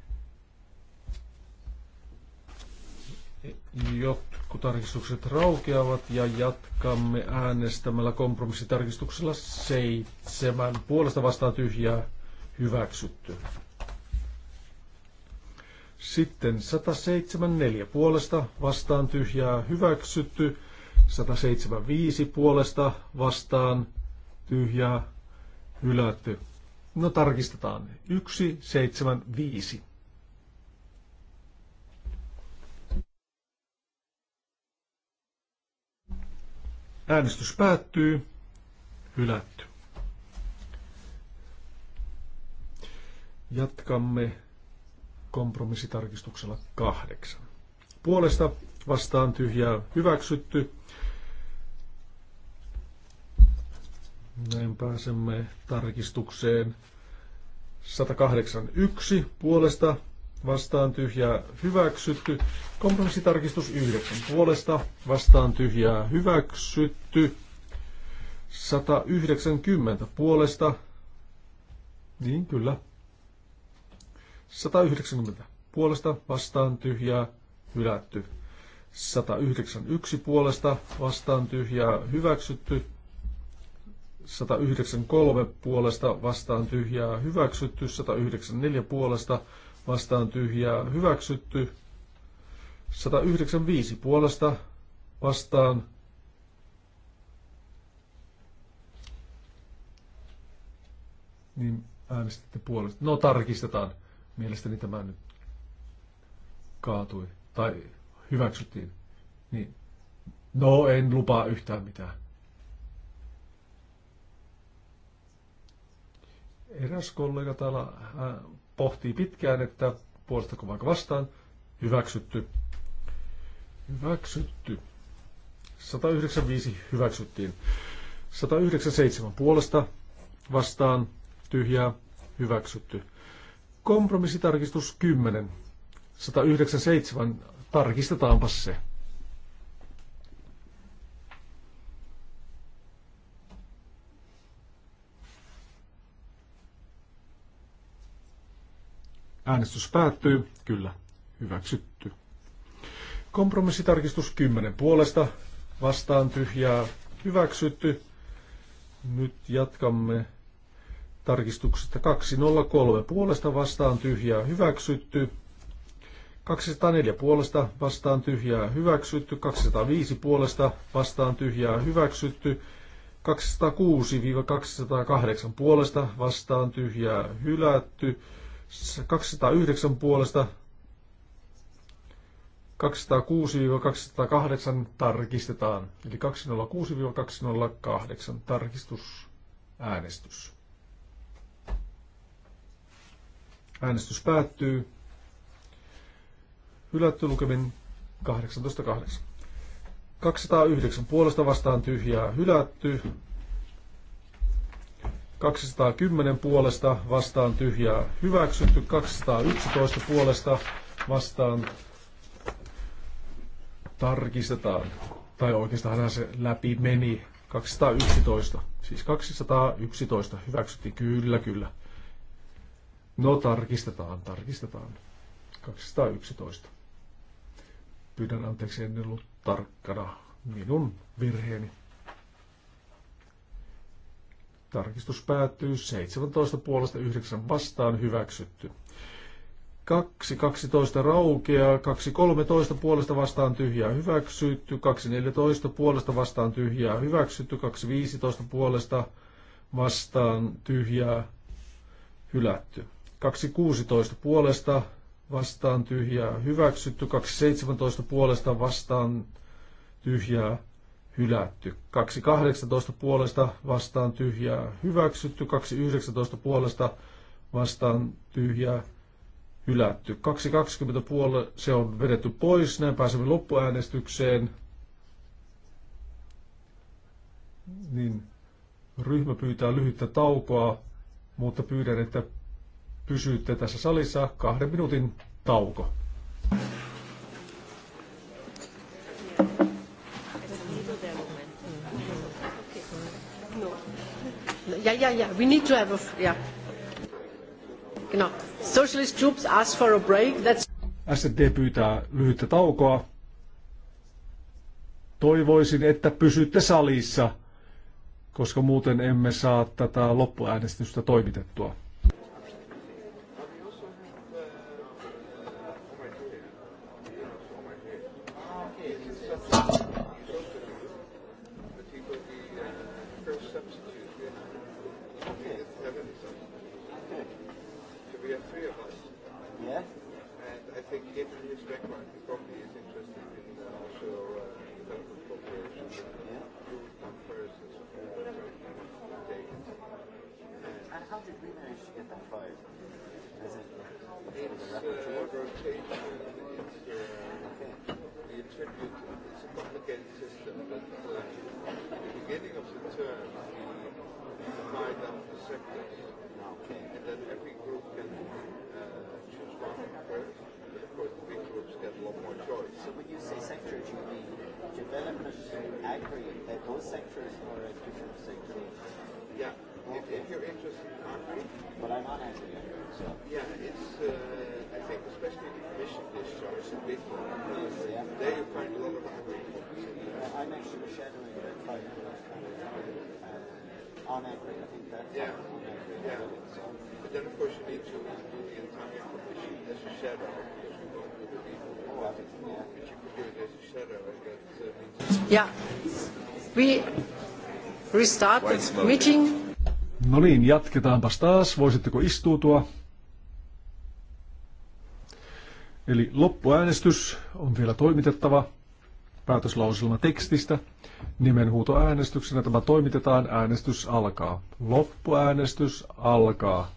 Jotkut tarkistukset raukeavat ja jatkamme äänestämällä kompromissitarkistuksella seitsemän. Puolesta vastaan tyhjää hyväksytty. Sitten 174 puolesta vastaan tyhjää hyväksytty. 175 puolesta vastaan tyhjää hylätty. No tarkistetaan. 175. Äänestys päättyy. Hylätty. Jatkamme kompromissitarkistuksella kahdeksan. Puolesta vastaan tyhjää hyväksytty. Näin pääsemme tarkistukseen 181 puolesta vastaan tyhjää hyväksytty. Kompromissitarkistus 9 puolesta vastaan tyhjää hyväksytty. 190 puolesta. Niin kyllä. 190 puolesta vastaan tyhjää hylätty. 191 puolesta vastaan tyhjää hyväksytty. 193 puolesta vastaan tyhjää hyväksytty. 194 puolesta vastaan tyhjää hyväksytty. 195 puolesta vastaan niin äänestitte puolesta. No tarkistetaan. Mielestäni tämä nyt kaatui. Tai hyväksyttiin. Niin. No en lupaa yhtään mitään. Eräs kollega täällä pohtii pitkään, että puolestako vaikka vastaan. Hyväksytty. Hyväksytty. 195 hyväksyttiin. 197 puolesta vastaan tyhjää hyväksytty. Kompromissitarkistus 10. 197 tarkistetaanpas se. Äänestys päättyy. Kyllä, hyväksytty. Kompromissitarkistus 10 puolesta vastaan tyhjää hyväksytty. Nyt jatkamme tarkistuksesta 203 puolesta vastaan tyhjää hyväksytty. 204 puolesta vastaan tyhjää hyväksytty, 205 puolesta vastaan tyhjää hyväksytty, 206-208 puolesta vastaan tyhjää hylätty, 209 puolesta 206-208 tarkistetaan. Eli 206-208 tarkistus äänestys. Äänestys päättyy. Hylätty lukemin 18.8. 209 puolesta vastaan tyhjää hylätty. 210 puolesta vastaan tyhjää hyväksytty, 211 puolesta vastaan tarkistetaan, tai oikeastaan se läpi meni, 211, siis 211 hyväksyttiin, kyllä kyllä. No tarkistetaan, tarkistetaan, 211. Pyydän anteeksi, en ollut tarkkana minun virheeni. Tarkistus päättyy 17.59 vastaan hyväksytty. 2.12 raukeaa, 2.13 puolesta vastaan tyhjää hyväksytty, 2.14 puolesta vastaan tyhjää hyväksytty, 2.15 puolesta vastaan tyhjää hylätty. 2.16 puolesta vastaan tyhjää hyväksytty, 2.17 puolesta vastaan tyhjää hylätty. 2.18 puolesta vastaan tyhjää hyväksytty, 2.19 puolesta vastaan tyhjää hylätty. 2.20 puolella se on vedetty pois, näin pääsemme loppuäänestykseen. Niin ryhmä pyytää lyhyttä taukoa, mutta pyydän, että pysytte tässä salissa kahden minuutin tauko. Ja, ja, ja, we need to have a, Socialist ask for a break. That's... SD pyytää lyhyttä taukoa. Toivoisin, että pysytte salissa, koska muuten emme saa tätä loppuäänestystä toimitettua. restart the meeting. No niin, jatketaanpas taas. Voisitteko istuutua? Eli loppuäänestys on vielä toimitettava päätöslauselma tekstistä. Nimenhuutoäänestyksenä tämä toimitetaan. Äänestys alkaa. Loppuäänestys alkaa.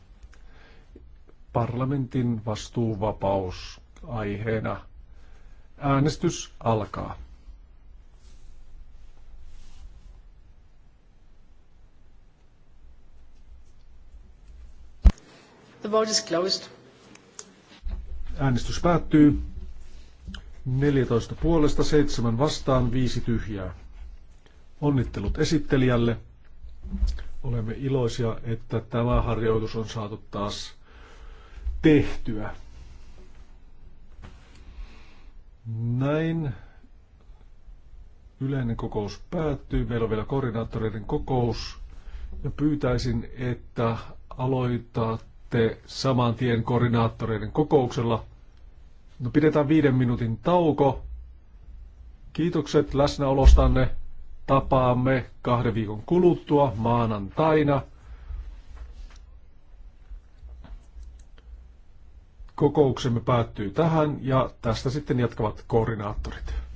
Parlamentin vastuuvapaus aiheena. Äänestys alkaa. The vote is closed. Äänestys päättyy. 14 puolesta, 7 vastaan, 5 tyhjää. Onnittelut esittelijälle. Olemme iloisia, että tämä harjoitus on saatu taas tehtyä. Näin yleinen kokous päättyy. Meillä on vielä koordinaattoreiden kokous. Ja pyytäisin, että aloitat sitten saman tien koordinaattoreiden kokouksella. No pidetään viiden minuutin tauko. Kiitokset läsnäolostanne. Tapaamme kahden viikon kuluttua maanantaina. Kokouksemme päättyy tähän ja tästä sitten jatkavat koordinaattorit.